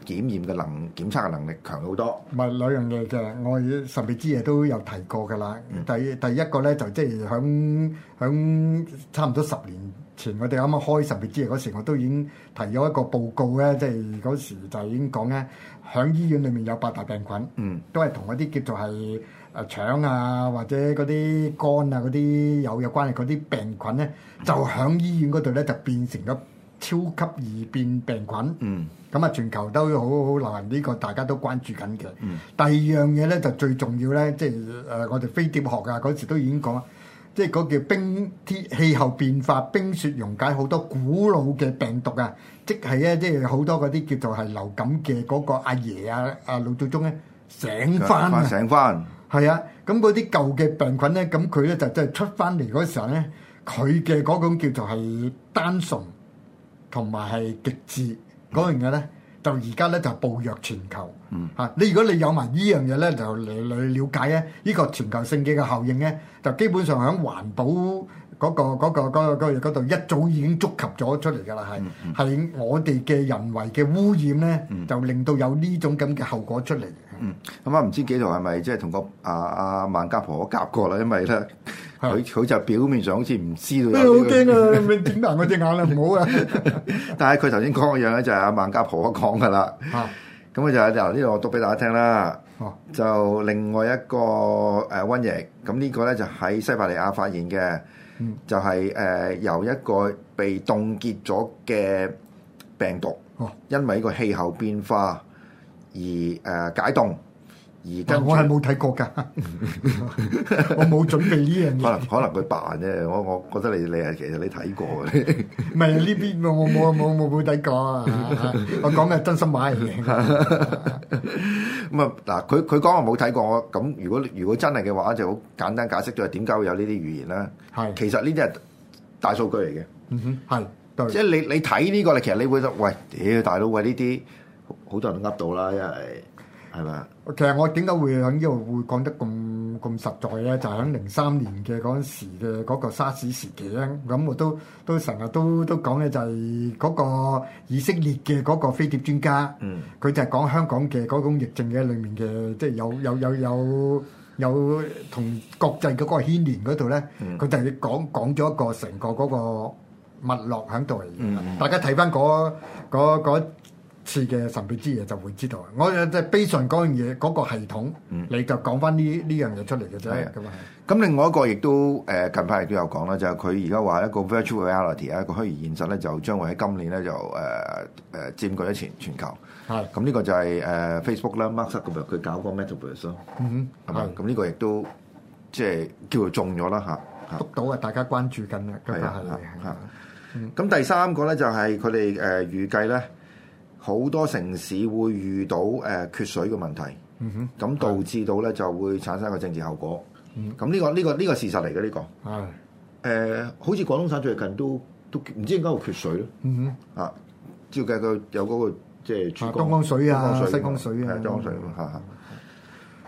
A: 檢驗嘅能檢測嘅能力強好多。
B: 唔係兩樣嘢就嘅，我神秘之夜都有提過㗎啦。第第一個咧就即係響響差唔多十年前，我哋啱啱開神秘之夜嗰時，我都已經提咗一個報告咧，即係嗰時就已經講咧，響醫院裏面有八大病菌，都係同一啲叫做係。誒腸啊，或者嗰啲肝啊，嗰啲有有關嘅嗰啲病菌咧，就響醫院嗰度咧，就變成咗超級易變病菌。嗯。咁啊，全球都好好流行呢個，大家都關注緊嘅。嗯。第二樣嘢咧，就最重要咧，即係誒我哋飛碟學啊，嗰時都已經講啦，即係嗰叫冰天氣候變化，冰雪溶解，好多古老嘅病毒啊，即係咧，即係好多嗰啲叫做係流感嘅嗰個阿爺啊，阿、啊啊啊、老祖宗咧醒翻醒翻！醒醒醒係啊，咁嗰啲舊嘅病菌咧，咁佢咧就真、是、係出翻嚟嗰時候咧，佢嘅嗰種叫做係單純同埋係極致嗰樣嘢咧、嗯，就而家咧就暴虐全球。嚇、嗯啊！你如果你有埋呢樣嘢咧，就嚟嚟了解咧，呢、呢個全球性嘅效應咧，就基本上喺環保。嗰個嗰個嗰個嗰度一早已經觸及咗出嚟㗎啦，係，係我哋嘅人為嘅污染咧，就令到有呢種咁嘅
A: 後果出嚟。咁啊，唔知紀陶係咪即係同個阿阿萬家婆夾過啦？因為咧，佢佢就表面上好似唔知道。我好驚啊！
B: 咪點埋我隻眼啊！唔好
A: 啊！但係佢頭先講嘅樣咧，就係阿萬家婆講㗎啦。咁啊就由呢度讀俾大家聽啦。就另外一個誒瘟疫，咁呢個咧就喺西伯利亞發現嘅。就係、是、誒、呃、由一個被凍結咗嘅病毒，哦、因為呢個氣候變化而誒、呃、解凍，而今我係冇
B: 睇過㗎，
A: 我冇 準備呢樣嘢。可能可能佢扮啫，我我覺得你你係其實你睇過㗎。
B: 唔係呢邊冇冇冇冇冇睇過啊！ 我講嘅真心話
A: 咁啊，嗱，佢佢講我冇睇過，我咁如果如果真係嘅話，就好簡單解釋咗點解會有呢啲語言啦。係是，其實呢啲係大數據嚟嘅。嗯哼，係，即係你你睇呢個，你其實你會覺得，喂，屌、欸、大佬，喂呢啲好多人都噏到啦，因為。
B: 其實我點解會響呢度會講得咁咁實在咧？就係響零三年嘅嗰時嘅嗰個沙士時期咧，咁我都都成日都都講咧，就係嗰個以色列嘅嗰個飛碟專家，佢、嗯、就係講香港嘅嗰種疫症嘅裏面嘅，即係有有有有有同國際嗰個牽連嗰度咧，佢、嗯、就係講講咗一個成個嗰個脈絡喺度嚟。大家睇翻嗰嗰個次嘅神秘之夜就會知道啊！我嘅即係悲傷嗰樣嘢，嗰、那個系統，你就講翻呢呢樣嘢出嚟嘅啫。
A: 咁 另外一個亦都誒近排亦都有講啦，就係佢而家話一個 virtual reality 啊，一個虛擬現實咧，就將會喺今年咧就誒誒、呃、佔據咗全全球。係咁呢個就係誒 Facebook 啦，Mark Zuckerberg 佢搞過 iz,、嗯、個 Meta Vision 嗯哼，係咁呢個亦都即係叫做中咗啦嚇，篤
B: 到啊！大家關注緊啊，
A: 咁、嗯第， 嗯、第三個咧就係佢哋誒預計咧。呃嗯 好多城市會遇到誒缺水嘅問題，咁導致到咧就會產生個政治後果。咁呢個呢個呢個事實嚟嘅呢個。誒，好似廣東省最近都都唔知點解會缺水
B: 咧。
A: 啊，照計佢有嗰個即係東江水啊、西江水啊、東江水嘛。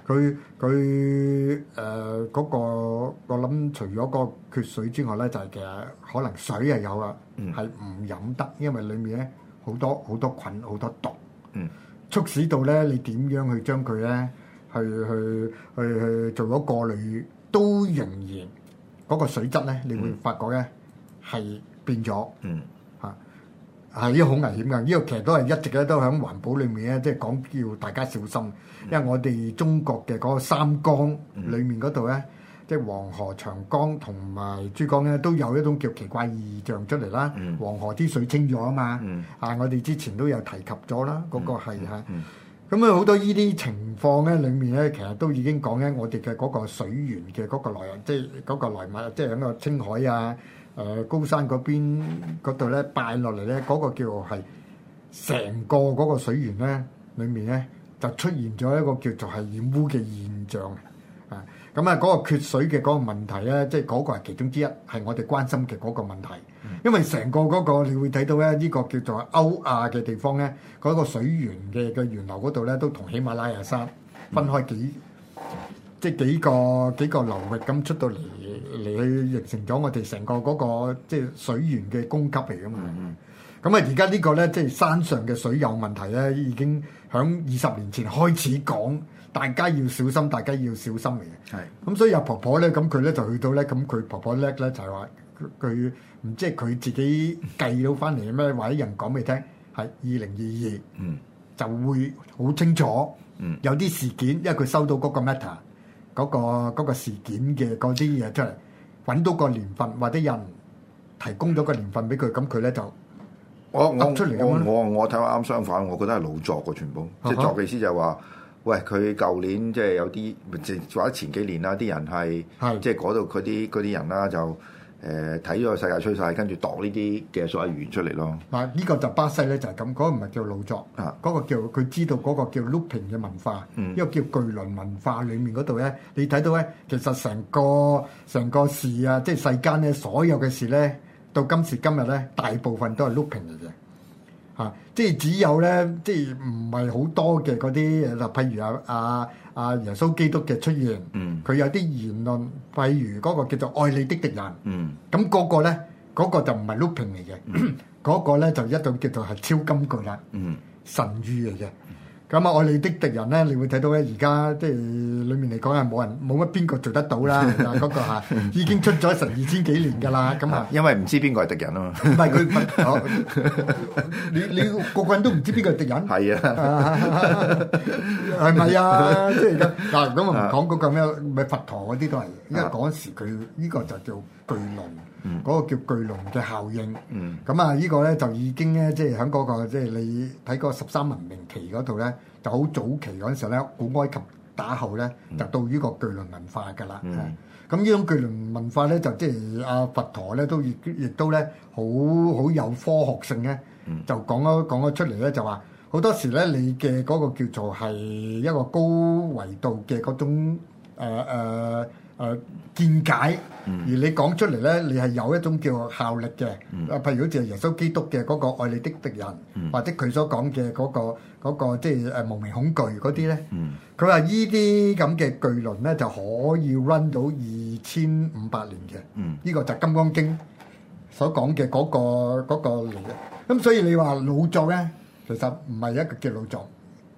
B: 佢佢誒嗰個我諗除咗個缺水之外咧，就係其實可能水係有啊，係唔飲得，因為裡面咧。好多好多菌好多毒。嗯、促使到咧你點樣去將佢咧去去去去做咗過濾，都仍然嗰個水質咧，你會發覺咧係變咗，嚇係呢個好危險噶。呢個其實都係一直咧都喺環保裏面咧，即係講要大家小心，因為我哋中國嘅嗰個三江裏面嗰度咧。嗯嗯即係黃河、長江同埋珠江咧，都有一種叫奇怪異象出嚟啦。嗯、黃河啲水清咗啊嘛，嗯、啊我哋之前都有提及咗啦，嗰、那個係吓咁、嗯嗯、啊好多依啲情況咧，裡面咧其實都已經講咧，我哋嘅嗰個水源嘅嗰個來源，即係嗰個來物，即係喺個青海啊、誒、呃、高山嗰邊嗰度咧，擺落嚟咧，嗰、那個叫做係成個嗰個水源咧，裡面咧就出現咗一個叫做係染污嘅現象。咁啊，嗰個缺水嘅嗰個問題咧，即係嗰個係其中之一，係我哋關心嘅嗰個問題。因為成個嗰個你會睇到咧，呢個叫做歐亞嘅地方咧，嗰個水源嘅嘅源流嗰度咧，都同喜馬拉雅山分開幾，嗯、即係幾個幾個流域咁出到嚟嚟去，形成咗我哋成個嗰個即係水源嘅供給嚟㗎嘛。咁啊、嗯嗯，而家呢個咧，即係山上嘅水有問題咧，已經喺二十年前開始講。大家要小心，大家要小心嚟嘅。係咁是，所以阿婆婆咧，咁佢咧就去到咧，咁佢婆婆叻咧就係話佢唔知佢自己計到翻嚟咩或者人講俾你聽，係二零二二，嗯，就會好清楚。嗯，有啲事件，因為佢收到嗰個 meta，嗰個事件嘅嗰啲嘢出嚟，揾到個年份或者人提供咗個年份俾佢，咁佢咧就
A: 出嚟我我我我我睇話啱相反，我覺得係老作嘅、啊、全部，即係、uh huh。作嘅意思就係話。喂，佢舊年即係有啲，唔係即係話前幾年啦，啲人係是即係嗰度嗰啲啲人啦，就誒睇咗世界趨勢，跟住度呢啲嘅所謂預言出嚟咯。
B: 嗱、啊，呢、呢個就巴西咧就係、是、咁，嗰個唔係叫老作啊，嗰個叫佢知道嗰個叫 looping 嘅文化，嗯、一個叫巨輪文化。裡面嗰度咧，你睇到咧，其實成個成個事啊，即係世間咧所有嘅事咧，到今時今日咧，大部分都係 looping 嚟嘅。啊、即係只有咧，即係唔係好多嘅嗰啲，嗱，譬如啊啊啊，耶穌基督嘅出現，嗯，佢有啲言論，例如嗰個叫做愛你的敵人，嗯，咁嗰個咧，嗰、嗰個就唔係 looping 嚟嘅，嗰、嗯 嗰個咧就一度叫做係超金句啦，嗯，神諭嚟嘅。咁啊，愛你的敵人咧，你會睇到咧，而家即係裏面嚟講係冇人冇乜邊個做得到啦，嗰個下已經出咗成二千幾年噶啦，咁啊，
A: 因為唔知邊個係敵人啊嘛，唔係
B: 佢，你你個個人都唔知邊個係敵人，係啊，係咪啊？即係咁，嗱咁啊唔講嗰個咩，咪佛陀嗰啲都係，因為嗰時佢呢個就叫。巨龍嗰、嗯、個叫巨龍嘅效應，咁啊呢個咧就已經咧即係喺嗰個即係、就是、你睇個十三文明期嗰度咧，就好早期嗰陣時咧，古埃及打後咧、嗯、就到呢個巨龍文化㗎啦。咁呢、嗯、種巨龍文化咧就即係阿佛陀咧都亦亦都咧好好有科學性咧，就講咗講咗出嚟咧就話好多時咧你嘅嗰個叫做係一個高維度嘅嗰種誒、呃呃誒、呃、見解，而你講出嚟咧，你係有一種叫效力嘅。啊、嗯，譬如好似耶穌基督嘅嗰個愛你的敵人，嗯、或者佢所講嘅嗰個即係誒無名恐懼嗰啲咧。佢話依啲咁嘅巨輪咧，就可以 run 到二千五百年嘅。呢、嗯、個就係《金剛經》所講嘅嗰個、嗰個嚟嘅。咁、嗯、所以你話老作咧，其實唔係一個叫老作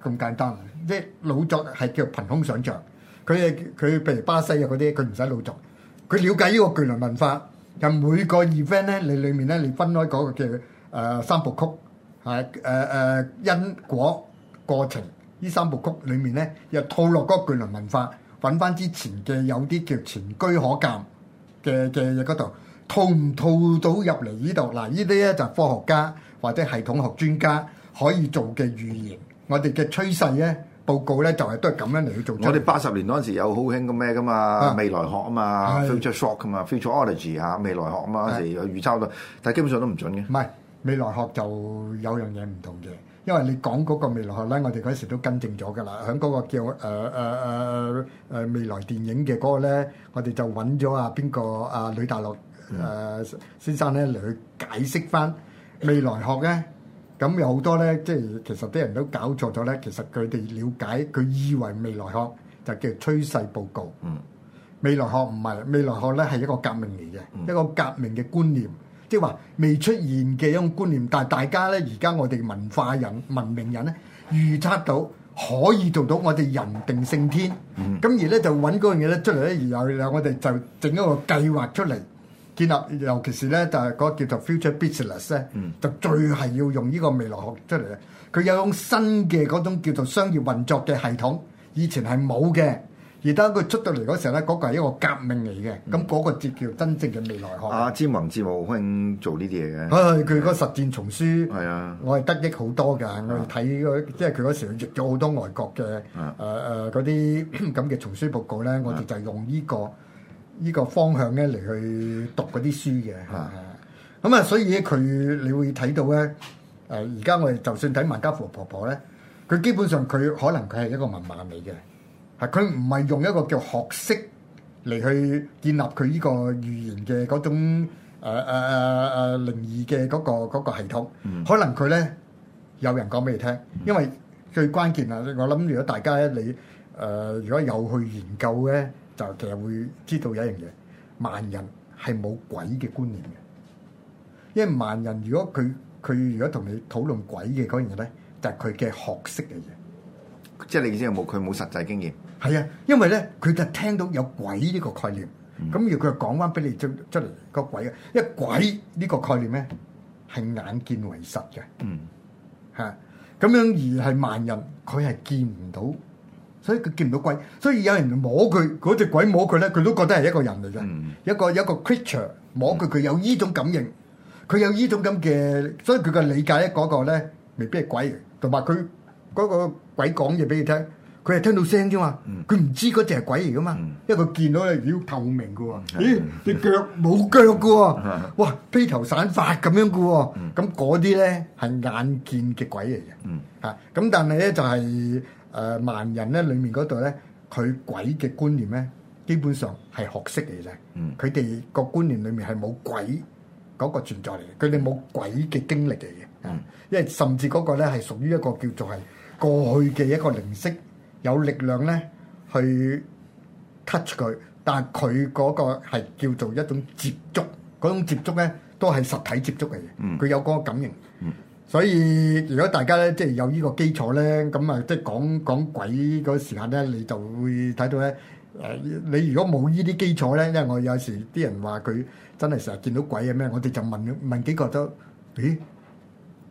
B: 咁簡單，即係、就是、老作係叫憑空想像。佢誒佢譬如巴西啊嗰啲，佢唔使老作。佢了解呢個巨輪文化。又每個 event 咧，你裡面咧，你分開嗰個嘅誒、呃、三部曲，係誒誒因果過程呢三部曲裡面咧，又套落嗰個巨輪文化，揾翻之前嘅有啲叫前居可鑑嘅嘅嗰度，套唔套到入嚟呢度嗱？呢啲咧就係科學家或者系統學專家可以做嘅預言，我哋嘅趨勢咧。報告咧就係都係咁樣嚟去做。我哋八
A: 十年嗰陣時有好興個咩噶嘛？未來學啊嘛，future shock 噶嘛，futurology 嚇未來學啊嘛，嗰陣時有預測到，但係基本上都唔準嘅。唔係未
B: 來學就有樣嘢唔同嘅，因為你講嗰個未來學咧，我哋嗰陣時都更正咗㗎啦。喺嗰個叫誒誒誒誒未來電影嘅嗰個咧，我哋就揾咗啊邊個啊呂大樂誒先生咧嚟去解釋翻未來學咧。咁有好多咧，即係其實啲人都搞錯咗咧。其實佢哋了解，佢以為未來學就叫趨勢報告。嗯、未來學唔係未來學咧，係一個革命嚟嘅，嗯、一個革命嘅觀念，即係話未出現嘅一種觀念。但係大家咧，而家我哋文化人、文明人咧，預測到可以做到，我哋人定勝天。咁、嗯、而咧就揾嗰樣嘢咧出嚟咧，然後我哋就整一個計劃出嚟。建立，尤其是咧就係、是、嗰個叫做 Future Business 咧、嗯，就最係要用呢個未來學出嚟咧。佢有種新嘅嗰種叫做商業運作嘅系統，以前係冇嘅。而當佢出到嚟嗰時候咧，嗰、那個係一個革命嚟嘅。咁嗰、嗯、個即叫真正嘅未來
A: 學。阿詹宏志好興做呢啲嘢嘅。
B: 唉、嗯，佢嗰實戰叢書，的我係得益好多㗎。我哋睇即係佢嗰時譯咗好多外國嘅誒誒嗰啲咁嘅叢書報告咧，我哋就用呢、這個。嗯嗯呢個方向咧嚟去讀嗰啲書嘅，咁啊，所以咧佢你會睇到咧，誒而家我哋就算睇萬家婦婆婆咧，佢基本上佢可能佢係一個文盲嚟嘅，係佢唔係用一個叫學識嚟去建立佢呢個語言嘅嗰種誒誒誒誒靈異嘅嗰個嗰個系統，可能佢咧有人講俾你聽，因為最關鍵啊，我諗如果大家你誒、呃、如果有去研究咧。就其實會知道有一樣嘢，萬人係冇鬼嘅觀念嘅。因為萬人如果佢佢如果同你討論鬼嘅嗰樣嘢咧，就係佢嘅學識嘅嘢。即係你意思係冇佢冇實際經驗。係啊，因為咧佢就聽到有鬼呢個概念，咁如果佢講翻俾你出出嚟個鬼，因為鬼呢個概念咧係眼見為實嘅。嗯，嚇，啊，咁樣而係萬人佢係見唔到。所以佢見唔到鬼，所以有人摸佢，嗰隻鬼摸佢咧，佢都覺得係一個人嚟嘅，一個一個 creature 摸佢，佢有呢種感應，佢有呢種咁嘅，所以佢嘅理解嗰個咧，未必係鬼，同埋佢嗰個鬼講嘢俾你聽，佢係聽到聲啫嘛，佢唔知嗰隻係鬼嚟噶嘛，因為佢見到係超透明嘅喎，咦，隻腳冇腳嘅喎，哇，披頭散髮咁樣嘅喎，咁嗰啲咧係眼見嘅鬼嚟嘅，嚇，咁但係咧就係。誒盲、呃、人咧，裡面嗰度咧，佢鬼嘅觀念咧，基本上係學識嚟嘅。佢哋個觀念裡面係冇鬼嗰個存在嚟嘅，佢哋冇鬼嘅經歷嚟嘅。嗯、因為甚至嗰個咧係屬於一個叫做係過去嘅一個靈識有力量咧去 touch 佢，但係佢嗰個係叫做一種接觸，嗰種接觸咧都係實體接觸嘅嘢。佢、嗯、有嗰個感應。嗯嗯所以如果大家咧，即係有呢個基礎咧，咁啊即係講講鬼嗰個時間咧，你就會睇到咧。誒、呃，你如果冇呢啲基礎咧，因為我有時啲人話佢真係成日見到鬼啊咩，我哋就問問幾個都咦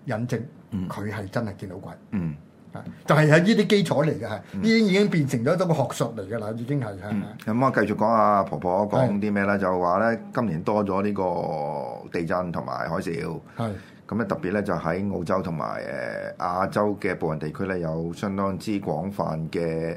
B: 引證，佢係真係見到鬼。嗯，
A: 係
B: 就係喺呢啲基礎嚟嘅，係依啲已經變成咗一個學術嚟嘅啦，已經係
A: 咁、嗯、我繼續講下婆婆講啲咩咧？是就係話咧，今年多咗呢個地震同埋海嘯。係。咁咧特別咧就喺澳洲同埋誒亞洲嘅部分地區咧有相當之廣泛嘅誒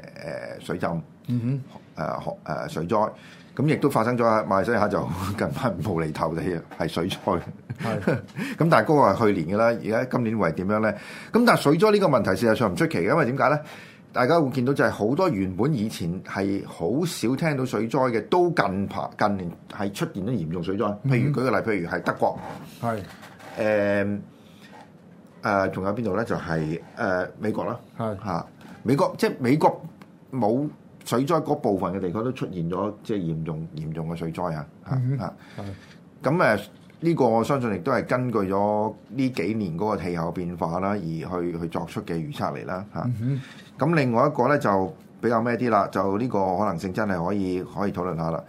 A: 水浸，嗯哼、mm，誒、hmm. 學、呃、水災，咁亦都發生咗。馬來西亞就近排無厘頭地係水災，係咁的。 但係嗰個係去年嘅啦，而家今年會係點樣咧？咁但係水災呢個問題事實上唔出奇嘅，因為點解咧？大家會見到就係好多原本以前係好少聽到水災嘅，都近排近年係出現咗嚴重水災。譬、mm hmm. 如舉個例，譬如係德國，係。誒誒，仲、嗯呃、有邊度咧？就係、是、誒、呃、美國啦，嚇是的、啊、美國，即係美國冇水災嗰部分嘅地區都出現咗即係嚴重嚴重嘅水災啊！嚇、啊，咁誒呢個我相信亦都係根據咗呢幾年嗰個氣候變化啦，而去去，去作出嘅預測嚟啦，嚇、啊。咁是的 另外一個咧就比較咩啲啦，就呢個可能性真係可以可以討論下啦。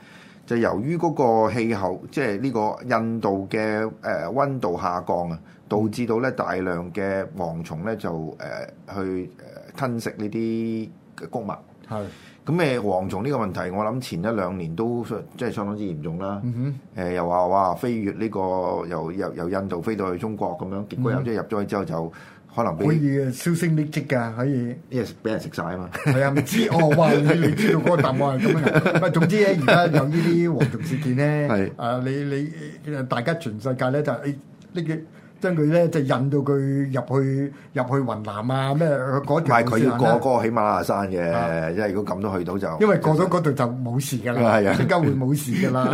A: 就由於嗰個氣候，即係呢個印度嘅誒、呃、溫度下降啊，導致到咧大量嘅蝗蟲咧就誒、呃、去吞食呢啲穀物。係是，咁咩蝗蟲呢個問題，我諗前一兩年都即係相當之嚴重啦。誒、嗯哼呃、又話哇飛越呢、呢個由由由印度飛到去中國咁樣，結果有即係入咗去之後就。可，能可以
B: 嘅，銷聲匿跡㗎，可以。依
A: 家俾人食晒啊嘛。係 啊，唔知我話、哦、你，你知道嗰個答案係咁樣啊？唔係， 總
B: 之咧，而家有呢啲黃族事件咧， 是啊，你你大家全世界咧就係呢個。哎將佢咧就引到佢入去入去雲南啊咩嗰段，但係佢要過嗰個喜
A: 馬拉雅山嘅，即係如果咁都去到就，因為
B: 過到嗰度就冇事噶啦，係啊，而家會冇事噶啦，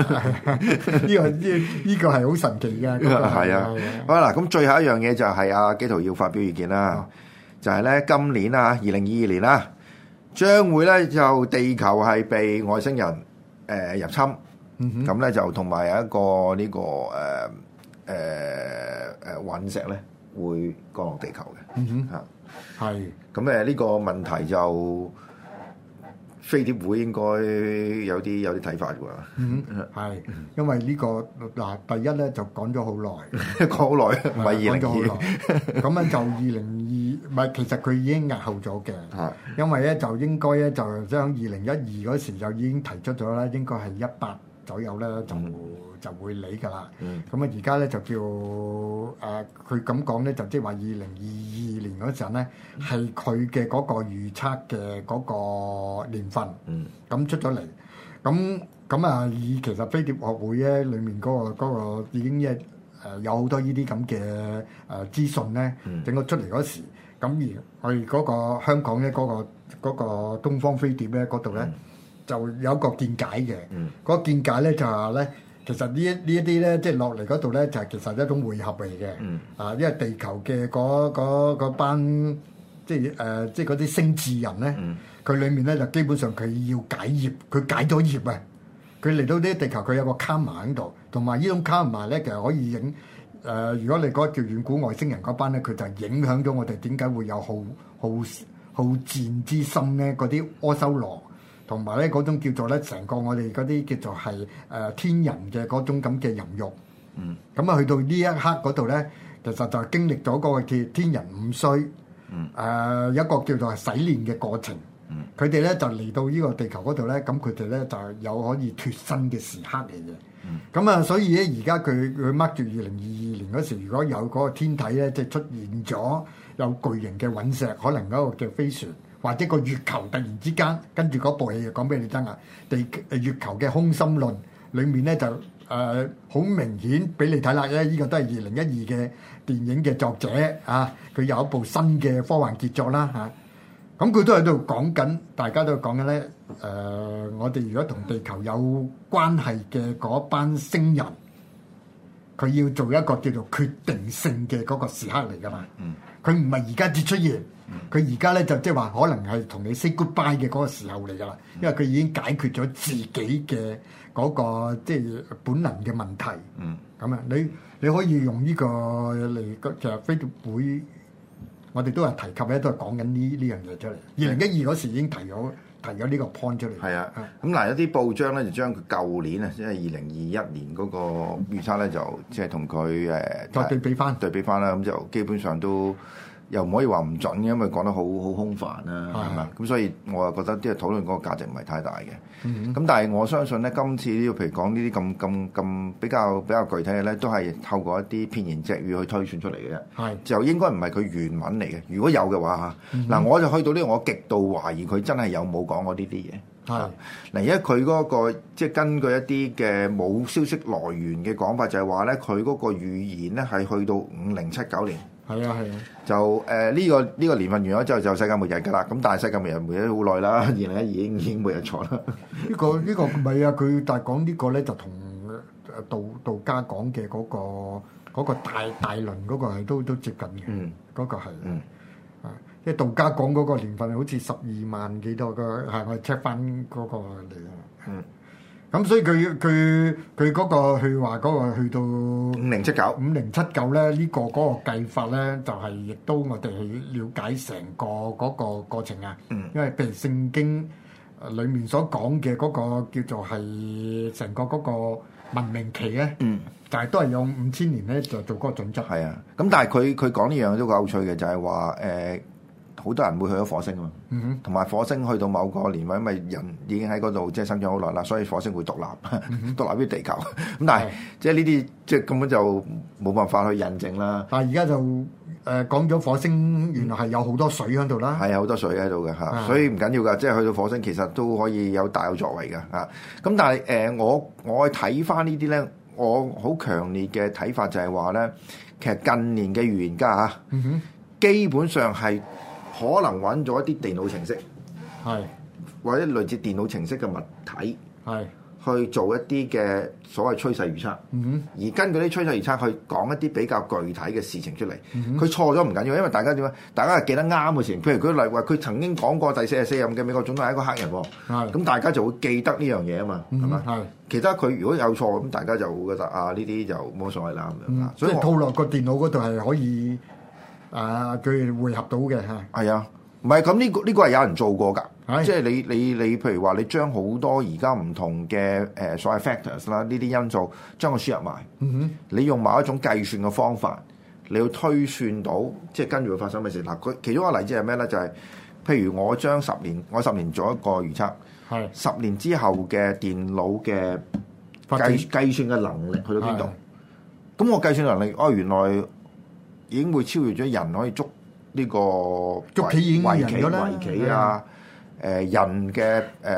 B: 呢個呢呢個係好神奇噶，係啊，
A: 好啦，咁最後一樣嘢就係阿基圖要發表意見啦，就係咧今年啊，二零二二年啦，將會咧就地球係被外星人誒入侵，咁咧就同埋有一個呢個誒。誒，隕、呃、石咧會降落地球嘅，嚇係、嗯哼。咁咧呢個問題就飛碟會應該有啲有啲睇法㗎喎。嗯，係，
B: 因為呢、這個嗱第一咧就講咗好耐，講好耐，唔係講咗好耐。咁樣 就二零二唔係，其實佢已經壓後咗嘅。啊的，因為咧就應該咧就將二零一二嗰時就已經提出咗啦，應該係一百左右咧就就會理㗎啦。咁啊而家咧就叫誒佢咁講咧，就即係話二零二二年嗰陣咧，係佢嘅嗰個預測嘅嗰個年份。咁、嗯、出咗嚟，咁咁啊以其實飛碟學會咧裡面嗰個嗰個已經一誒有好多呢啲咁嘅誒資訊咧，整個、嗯、出嚟嗰時，咁而我哋嗰個香港咧嗰個嗰個東方飛碟咧嗰度咧。嗯就有個見解嘅，嗰、嗯、見解咧就係、話、咧，其實一一呢一呢一啲咧，即係落嚟嗰度咧，就係其實一種匯合嚟嘅。啊、嗯，因為地球嘅嗰班即係誒，即係嗰啲星智人咧，佢、嗯、裡面咧就基本上佢要解業，佢解咗業啊！佢嚟到呢啲地球，佢有個 karma 喺度，同埋呢種 karma 咧其實可以影誒、呃。如果你嗰叫遠古外星人嗰班咧，佢就影響咗我哋點解會有好好好，好戰之心咧？嗰啲阿修羅。同埋咧嗰種叫做咧成個我哋嗰啲叫做係誒天人嘅嗰種咁嘅淫欲，嗯，咁啊去到呢一刻嗰度咧，其實就係經歷咗嗰個叫天人五衰，嗯，誒、呃、一個叫做洗練嘅過程，嗯，佢哋咧就嚟到呢個地球嗰度咧，咁佢哋咧就係有可以脫身嘅時刻嚟嘅，嗯，咁啊所以咧而家佢佢 mark 住二零二二年嗰時，如果有嗰個天體咧即係出現咗有巨型嘅隕石，可能嗰個嘅飛船。或者個月球突然之間跟住嗰部戲又講俾你聽啊！地月球嘅空心論裏面咧就誒好、呃、明顯俾你睇啦！咧、這、依個呢個都係二零一二嘅電影嘅作者啊，佢有一部新嘅科幻傑作啦嚇。咁、啊、佢、嗯、都喺度講緊，大家都講緊咧誒、呃，我哋如果同地球有關係嘅嗰班星人，佢要做一個叫做決定性嘅嗰個時刻嚟㗎嘛。佢唔係而家至出現。佢而家咧就即係話，可能係同你 say goodbye 嘅嗰個時候嚟㗎啦，因為佢已經解決咗自己嘅嗰、那個即係、就是、本能嘅問題。嗯，咁啊，你你可以用呢個嚟就係飛碟會，我哋都係提及咧，都係講緊呢呢樣嘢出嚟。二零一二嗰時已經提咗提咗呢個 point 出嚟。
A: 係啊，咁嗱、嗯，有啲報章咧就將佢舊年啊，即係二零二一年嗰個預測咧，就即係同佢誒再對比翻對比翻啦，咁就基本上都。又唔可以話唔準，因為講得好好空泛啦，係嘛？咁所以我啊覺得啲討論嗰個價值唔係太大嘅。咁、嗯嗯、但係我相信咧，今次呢個譬如講呢啲咁咁咁比較比較具體嘅咧，都係透過一啲片言隻語去推算出嚟嘅啫。係，是的 就應該唔係佢原文嚟嘅。如果有嘅話嚇，嗱我就去到呢度，我極度懷疑佢真係有冇講過呢啲嘢。係、那個，嗱而家佢嗰個即係根據一啲嘅冇消息來源嘅講法，就係話咧，佢嗰個預言咧係去到五零七九年。係啊係啊，啊就誒呢、呃這個呢、這個年份完咗之後就世界末日㗎啦。咁但係世界末日末咗好耐啦，二零一二已經已經末日咗啦。呢、
B: 這個這個啊、個呢、那個唔係啊，佢但係講呢個咧就同道道家講嘅嗰個大大輪嗰個係都都接近嘅，嗰、嗯、個係啊。即係道家講嗰個年份好似十二萬幾多個，係我 check 翻嗰個嚟嘅。嗯咁所以佢佢佢嗰個去話嗰個去到，五零七九五零七九咧，呢個嗰個計法咧，就係亦都我哋去了解成個嗰個過程啊，嗯、因為譬如聖經裏面所講嘅嗰個叫做係成個嗰個文明期咧，就係、嗯、都係用五千年咧就做嗰個準則。係啊，
A: 咁但係佢佢講呢樣都有趣嘅，就係話誒。好多人會去咗火星啊嘛，同埋、嗯、哼火星去到某個年位，因為人已經喺嗰度即係生長好耐啦，所以火星會獨立，嗯、哼 獨立於地球。咁但係、嗯、即係呢啲即係根本就冇辦法去印證啦。但係而家就誒、呃、講咗火星原來係有好多水喺度啦，係有好多水喺度嘅嚇，嗯、哼所以唔緊要㗎，即係去到火星其實都可以有大有作為㗎嚇。咁、啊、但係誒、呃、我我去睇翻呢啲咧，我好強烈嘅睇法就係話咧，其實近年嘅預言家嚇，基本上係。可能揾咗一啲電腦程式，係是或者類似電腦程式嘅物體，係是去做一啲嘅所謂趨勢預測，嗯、哼而根據啲趨勢預測去講一啲比較具體嘅事情出嚟。佢、嗯、哼錯咗唔緊要，因為大家點啊？大家係記得啱嘅事。譬如舉例話，佢曾經講過第四十四任嘅美國總統係一個黑人喎。咁是，嗯、哼大家就會記得呢樣嘢啊嘛，係嘛？係是。其他佢如果有錯咁，大家就會覺得啊呢啲就冇所謂啦咁
B: 樣。所以套落個電腦嗰度係可以。誒佢會合到嘅係
A: 啊，唔係咁呢個呢、這個係有人做過㗎，的即係你你你，你你譬如話你將好多而家唔同嘅誒所謂 factors 啦，呢啲因素將佢輸入埋，嗯、哼你用某一種計算嘅方法，你要推算到即係跟住會發生咩事嗱。佢其中一個例子係咩咧？就係、是、譬如我將十年，我十年做一個預測，係的十年之後嘅電腦嘅計展計算嘅能力去到邊度？咁的我計算能力哦，原來。已經會超越咗人可以捉呢、這個捉棋已經圍棋圍棋啊！誒的、呃、人嘅誒、呃、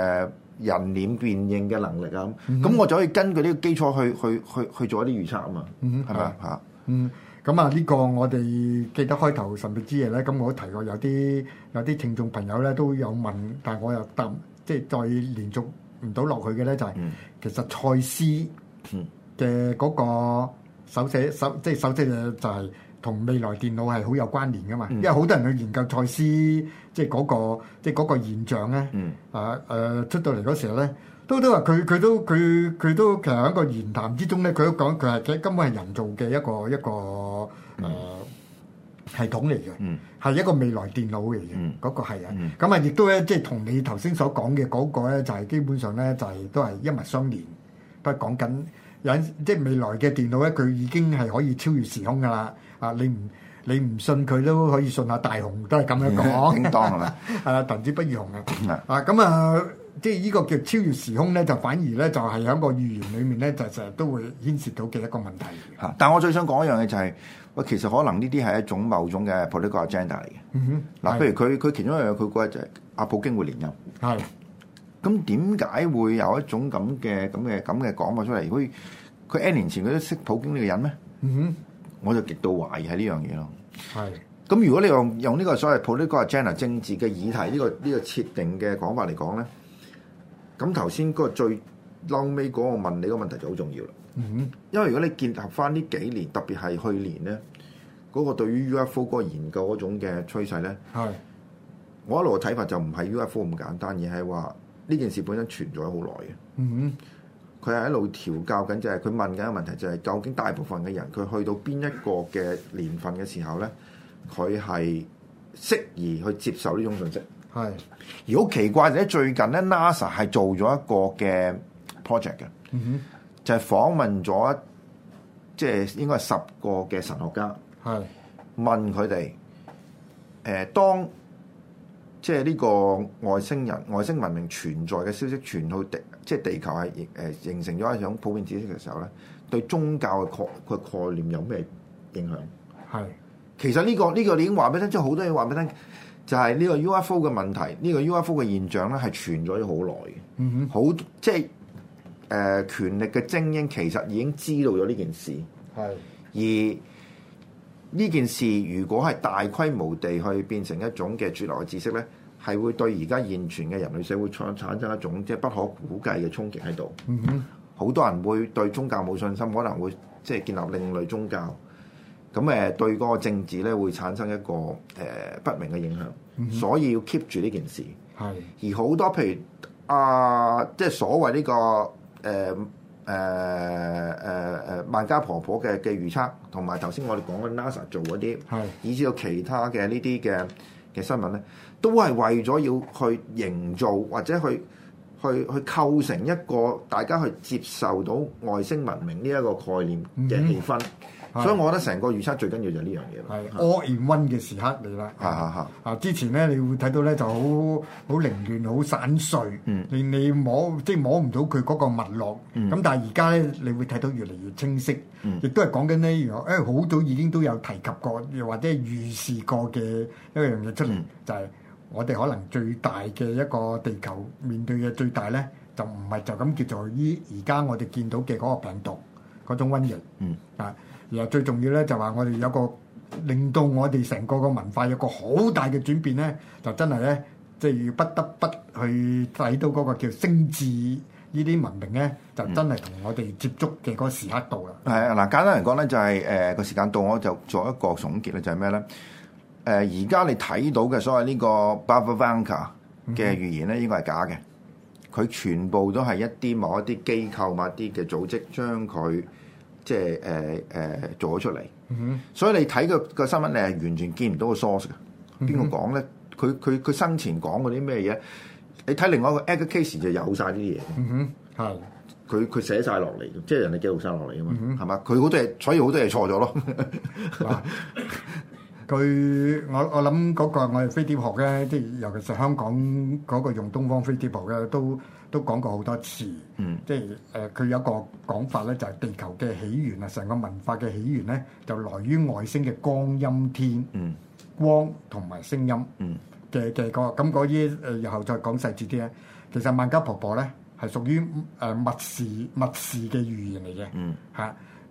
A: 人臉辨認嘅能力啊，咁、嗯、哼我就可以根據呢個基礎去去去去做一啲預測啊嘛，
B: 係嘛嚇？嗯，咁啊呢個我哋記得開頭神秘之夜咧，咁我提過有啲有啲聽眾朋友咧都有問，但係我又答，即、就、係、是、再連續唔到落去嘅咧、就是，就係、嗯、其實蔡司嘅嗰個手寫手即係手寫就係、就。是同未來電腦係好有關聯嘅嘛，嗯、因為好多人去研究賽斯，即係嗰個即係嗰個現象咧啊。誒、嗯呃、出到嚟嗰時候咧，都都話佢佢都佢佢都其實喺個言談之中咧，佢都講佢係根本係人造嘅一個一個誒、呃嗯、系統嚟嘅，係、嗯、一個未來電腦嚟嘅嗰個係啊。咁啊、嗯，亦都咧即係同你頭先所講嘅嗰個咧，就係、是就是、基本上咧就係、是、都係一脈相連，不過講緊有即係未來嘅電腦咧，佢已經係可以超越時空噶啦。啊！你唔你唔信佢都可以信下大雄，都係咁樣講。應當啦，係啦，彈指不讓嘅。啊咁啊，即係呢個叫超越時空咧，就反而咧就係喺個預言裏面咧，就成日都會牽涉到嘅一個問題。嚇！
A: 但我最想講一樣嘢就係，喂，其實可能呢啲係一種某種嘅 political agenda 嚟嘅。嗯
B: 哼。嗱，譬如
A: 佢佢其中一樣，佢嗰日就係阿普京會連任。係。咁點解會有一種咁嘅咁嘅咁嘅講法出嚟？如果佢 N 年前佢都識普京呢個人咩？嗯哼。我就極度懷疑係呢樣嘢咯。係的。咁如果你用用呢個所謂 political agenda 政治嘅議題呢、呢個呢、呢個設定嘅講法嚟講咧，咁頭先嗰個最嬲尾嗰個問你個問題就好重要啦。嗯哼。因為如果你結合翻呢幾年，特別係去年咧，嗰、嗰個對於 UFO 嗰個研究嗰種嘅趨勢咧，係的。我一路嘅睇法就唔係 UFO 咁簡單，而係話呢件事本身存在好耐嘅。嗯
B: 哼。
A: 佢係一路調教緊，就係佢問緊一個問題，就是，就係究竟大部分嘅人，佢去到邊一個嘅年份嘅時候咧，佢係適宜去接受呢種信息。係是。而好奇怪就係最近咧，NASA 係做咗一個嘅 project 嘅，嗯、哼就係訪問咗，即係應該係十個嘅神學家，是問佢哋，誒、呃、當。即係呢個外星人、外星文明存在嘅消息傳到地，即係地球係誒形成咗一種普遍知識嘅時候咧，對宗教嘅概概念有咩影響？係是 其實呢、呢個呢、呢個你已經話俾你聽，即係好多嘢話俾你聽，就係、係、呢個 UFO 嘅問題，呢、呢個 UFO 嘅現象咧係存在咗好耐嘅。嗯哼，好即係誒、呃、權力嘅精英其實已經知道咗呢件事，係是 而。呢件事如果係大規模地去變成一種嘅主流嘅知識呢，係會對而家現存嘅人類社會產產生一種即係不可估計嘅衝擊喺度。好多人會對宗教冇信心，可能會即係建立另類宗教。咁誒對嗰個政治呢會產生一個誒不明嘅影響。所以要 keep 住呢件事。係。而好多譬如啊、呃，即係所謂呢、這個誒。呃誒誒誒，萬家婆婆嘅嘅預測，同埋頭先我哋講緊 NASA 做嗰啲，是的 以至到其他嘅呢啲嘅嘅新聞咧，都係為咗要去營造或者去去去構成一個大家去接受到外星文明呢一個概念嘅氣氛。嗯嗯。所以我覺得成個預測最緊要就係呢樣嘢咯，係 all in one 嘅時刻嚟啦。嚇
B: 嚇嚇！啊，之前咧，你會睇到咧就好好凌亂、好散碎，令你摸即係摸唔到佢嗰個脈絡。咁但係而家咧，你會睇到越嚟越清晰，亦都係講緊呢，一樣誒，好早已經都有提及過，又或者預示過嘅一樣嘢出嚟，嗯、就係我哋可能最大嘅一個地球面對嘅最大咧，就唔係就咁叫做依而家我哋見到嘅嗰個病毒嗰種瘟疫，嗯啊。又最重要咧，就話我哋有個令到我哋成個個文化有個好大嘅轉變咧，就真係咧，即係要不得不去睇到嗰個叫聖智呢啲文明咧，就真係同我哋接觸嘅嗰個時刻到啦。
A: 係啊、嗯，嗱、嗯、簡單嚟講咧，就係誒個時間到，我就作一個總結咧，就係咩咧？誒而家你睇到嘅所謂呢個 Baba Vanga 嘅預言咧，應該係假嘅，佢全部都係一啲某一啲機構某一啲嘅組織將佢。即係誒誒做咗出嚟，mm hmm. 所以你睇個個新聞，你係完全見唔到個 source 嘅。邊個講咧？佢佢佢生前講嗰啲咩嘢？你睇另外一個 actual case 就有曬啲嘢。哼、mm，係佢佢寫晒落嚟，即係人哋記錄晒落嚟㗎嘛，係嘛、mm？佢、hmm. 好多嘢，所以好多嘢錯咗咯哇。
B: 佢 我我諗嗰個我哋飛碟學咧，即係尤其是香港嗰個用東方飛碟學咧都。都講過好多次，嗯、即係誒佢有一個講法咧，就係、是、地球嘅起源啊，成個文化嘅起源咧，就來於外星嘅光音天，嗯、光同埋聲音嘅嘅個咁嗰啲誒，然、嗯呃、後再講細節啲咧。其實萬家婆婆咧係屬於誒密事密事嘅語言嚟嘅嚇，誒、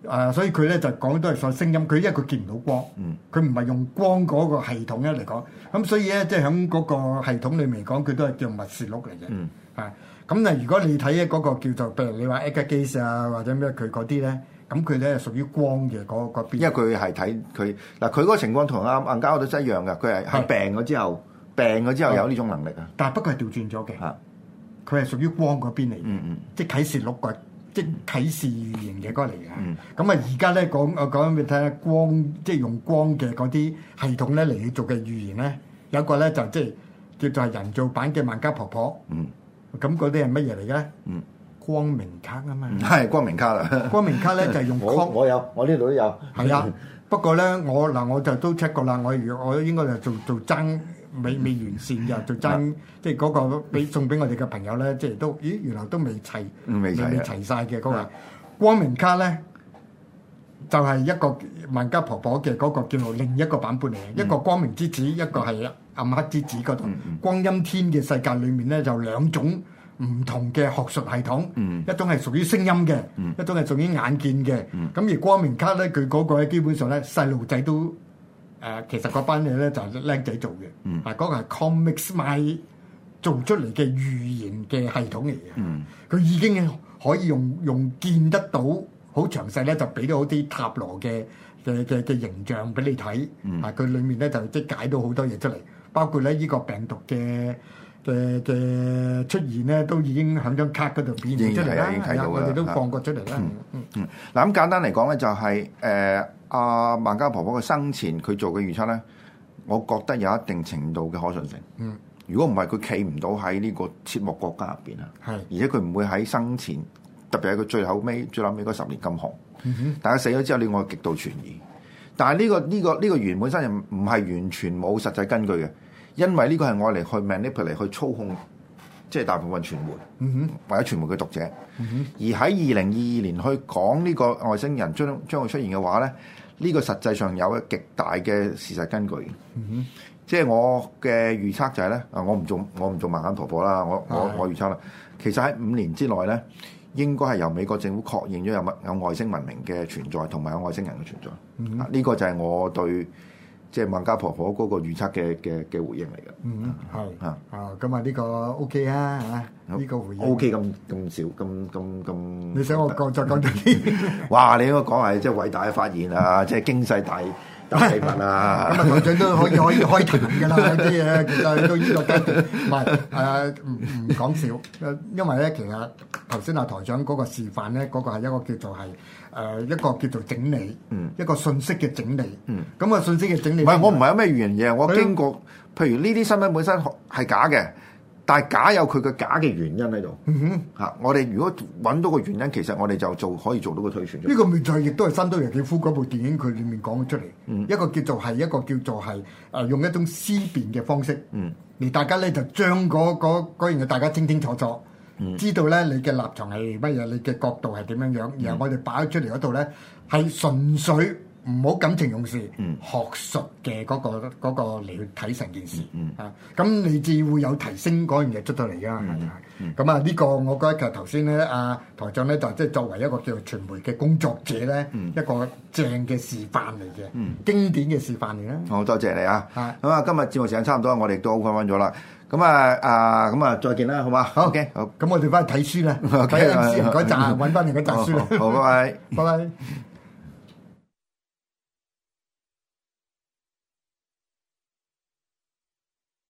B: 嗯啊、所以佢咧就講都係在聲音，佢因為佢見唔到光，佢唔係用光嗰個系統咧嚟講，咁所以咧即係喺嗰個系統裡面講，佢都係叫密事錄嚟嘅嚇。嗯咁嗱，如果你睇一嗰個叫做，譬如你話 Edgar Cayce 啊，或者咩
A: 佢嗰啲咧，咁佢咧屬於光嘅嗰個邊？因為佢係睇佢嗱，佢嗰個情況同阿萬家嗰度一樣嘅，佢係係病咗之後，是病咗之後有呢種能力啊、嗯。
B: 但係不過係調轉咗嘅，佢係是屬於光嗰邊嚟，嗯嗯即係啟示錄嘅，嗯、即係啟示語言嘅嗰嚟嘅。咁啊、嗯，而家咧講啊講，你睇下光，即係用光嘅嗰啲系統咧嚟要做嘅語言咧，有一個咧就即、是、係叫做係人造版嘅萬家婆婆。嗯咁嗰啲係乜嘢嚟嘅？嗯，光明卡啊嘛，係光明卡啦。光明卡咧就係、係、用 ock，我，我我有，我呢度都有。係啊， 不過咧我嗱我就都 check 過啦，我我應該就做做爭未未完善嘅，做爭、嗯、即係嗰、嗰個俾送俾我哋嘅朋友咧，即係都咦，原來都未砌、
A: 嗯，未齊未砌
B: 晒嘅嗰個、嗯、光明卡咧，就係、係、一個萬家婆婆嘅嗰個叫做另一個版本嚟，嗯、一個光明之子，一個係暗黑之子嗰度，嗯嗯、光陰天嘅世界裏面咧，就兩種唔同嘅學術系統，嗯、一種係屬於聲音嘅，嗯、一種係屬於眼見嘅。咁、嗯、而光明卡咧，佢嗰個咧基本上咧，細路仔都誒、呃，其實嗰班嘢咧就係、靚仔做嘅，係嗰、嗯啊嗰個係 comicry 做出嚟嘅預言嘅系統嚟嘅。佢、嗯、已經可以用用見得到好詳細咧，就俾到好啲塔羅嘅嘅嘅嘅形象俾你睇，啊，佢裏面咧就即解到好多嘢出嚟。包括咧呢個病毒嘅嘅嘅出現咧，都已經喺張卡嗰度顯示出嚟，已經睇到啦，我哋的都放過出嚟啦、嗯。嗯嗯
A: 嗱咁簡單嚟講咧，就係誒阿萬家婆婆嘅生前佢做嘅預測咧，我覺得有一定程度嘅可信性。嗯。如果唔係佢企唔到喺呢個切莫國家入邊啊。係的。而且佢唔會喺生前，特別係佢最後尾最後尾嗰十年咁紅。嗯哼。但係死咗之後，令我極度存疑。但係、呢、呢個呢、呢個呢、呢個原本身又唔係完全冇實際根據嘅。因為呢個係用嚟去 manipulate 嚟去操控，即、就、係、是、大部分傳媒、嗯、哼或者傳媒嘅讀者。嗯、哼而喺二零二二年去講呢個外星人將將會出現嘅話咧，呢、這個實際上有極大嘅事實根據。嗯、哼即係我嘅預測就係、是、咧，我唔做我唔做盲眼婆婆啦。我的我我預測啦，其實喺五年之內咧，應該係由美國政府確認咗有乜有外星文明嘅存在，同埋有外星人嘅存在。呢、嗯哼啊這個就係我對，即係孟家婆婆嗰個預測嘅嘅嘅回應嚟嘅，嗯，係啊，
B: 啊，咁啊呢個 OK 啊嚇，呢個回應 OK
A: 咁咁少咁咁咁，你想我
B: 講就講多啲，
A: 哇！你應該講係即係偉大嘅發現啊，即係 經濟大大新聞啊，台長、 嗯啊、都可以可以開談㗎啦，啲嘢都呢個階段，唔係唔唔
B: 講笑，因為咧其實頭先啊台長嗰個示範咧，嗰、嗰個係一個叫做
A: 係。誒、呃、一個叫做整理，
B: 嗯、一
A: 個信息嘅整理，咁啊信息嘅整理。唔係，我唔係有咩原因嘅，我經過，的譬如呢啲新聞本身係假嘅，但係假有佢嘅假嘅原因喺度。嚇、嗯哼啊，我哋如果揾到個原因，其實我哋就做可以做到個推算。呢、嗯、個咪就
B: 係亦都係新都日幾夫嗰部電影佢裡面講出嚟、嗯，一個叫做係一個叫做係誒用一種思辨嘅方式嚟、嗯，大家咧就將嗰嗰樣嘢大家清清楚楚，楚。知道咧你嘅立場係乜嘢，你嘅角度係點樣樣，然後我哋擺出嚟嗰度咧係純粹唔好感情用事，嗯、學術嘅嗰個嚟去睇成件事吓。咁、嗯嗯啊、你至會有提升嗰樣嘢出到嚟㗎。咁、嗯嗯、啊呢、這個我覺得就頭先咧阿台長咧就即係作為一個叫做傳媒嘅工作者咧，嗯、一個正嘅示範嚟嘅，嗯、經典嘅示範嚟啦。
A: 好、嗯嗯、多謝你啊！咁啊、嗯、今日節目時間差唔多，我哋都翻返咗啦。咁啊，啊、嗯，咁、呃、啊、嗯，再見啦，好嘛？好，OK，好。咁我哋翻去睇書啦，睇書唔該，集，穩翻嚟嗰集書啦。好，拜拜、嗯，拜拜。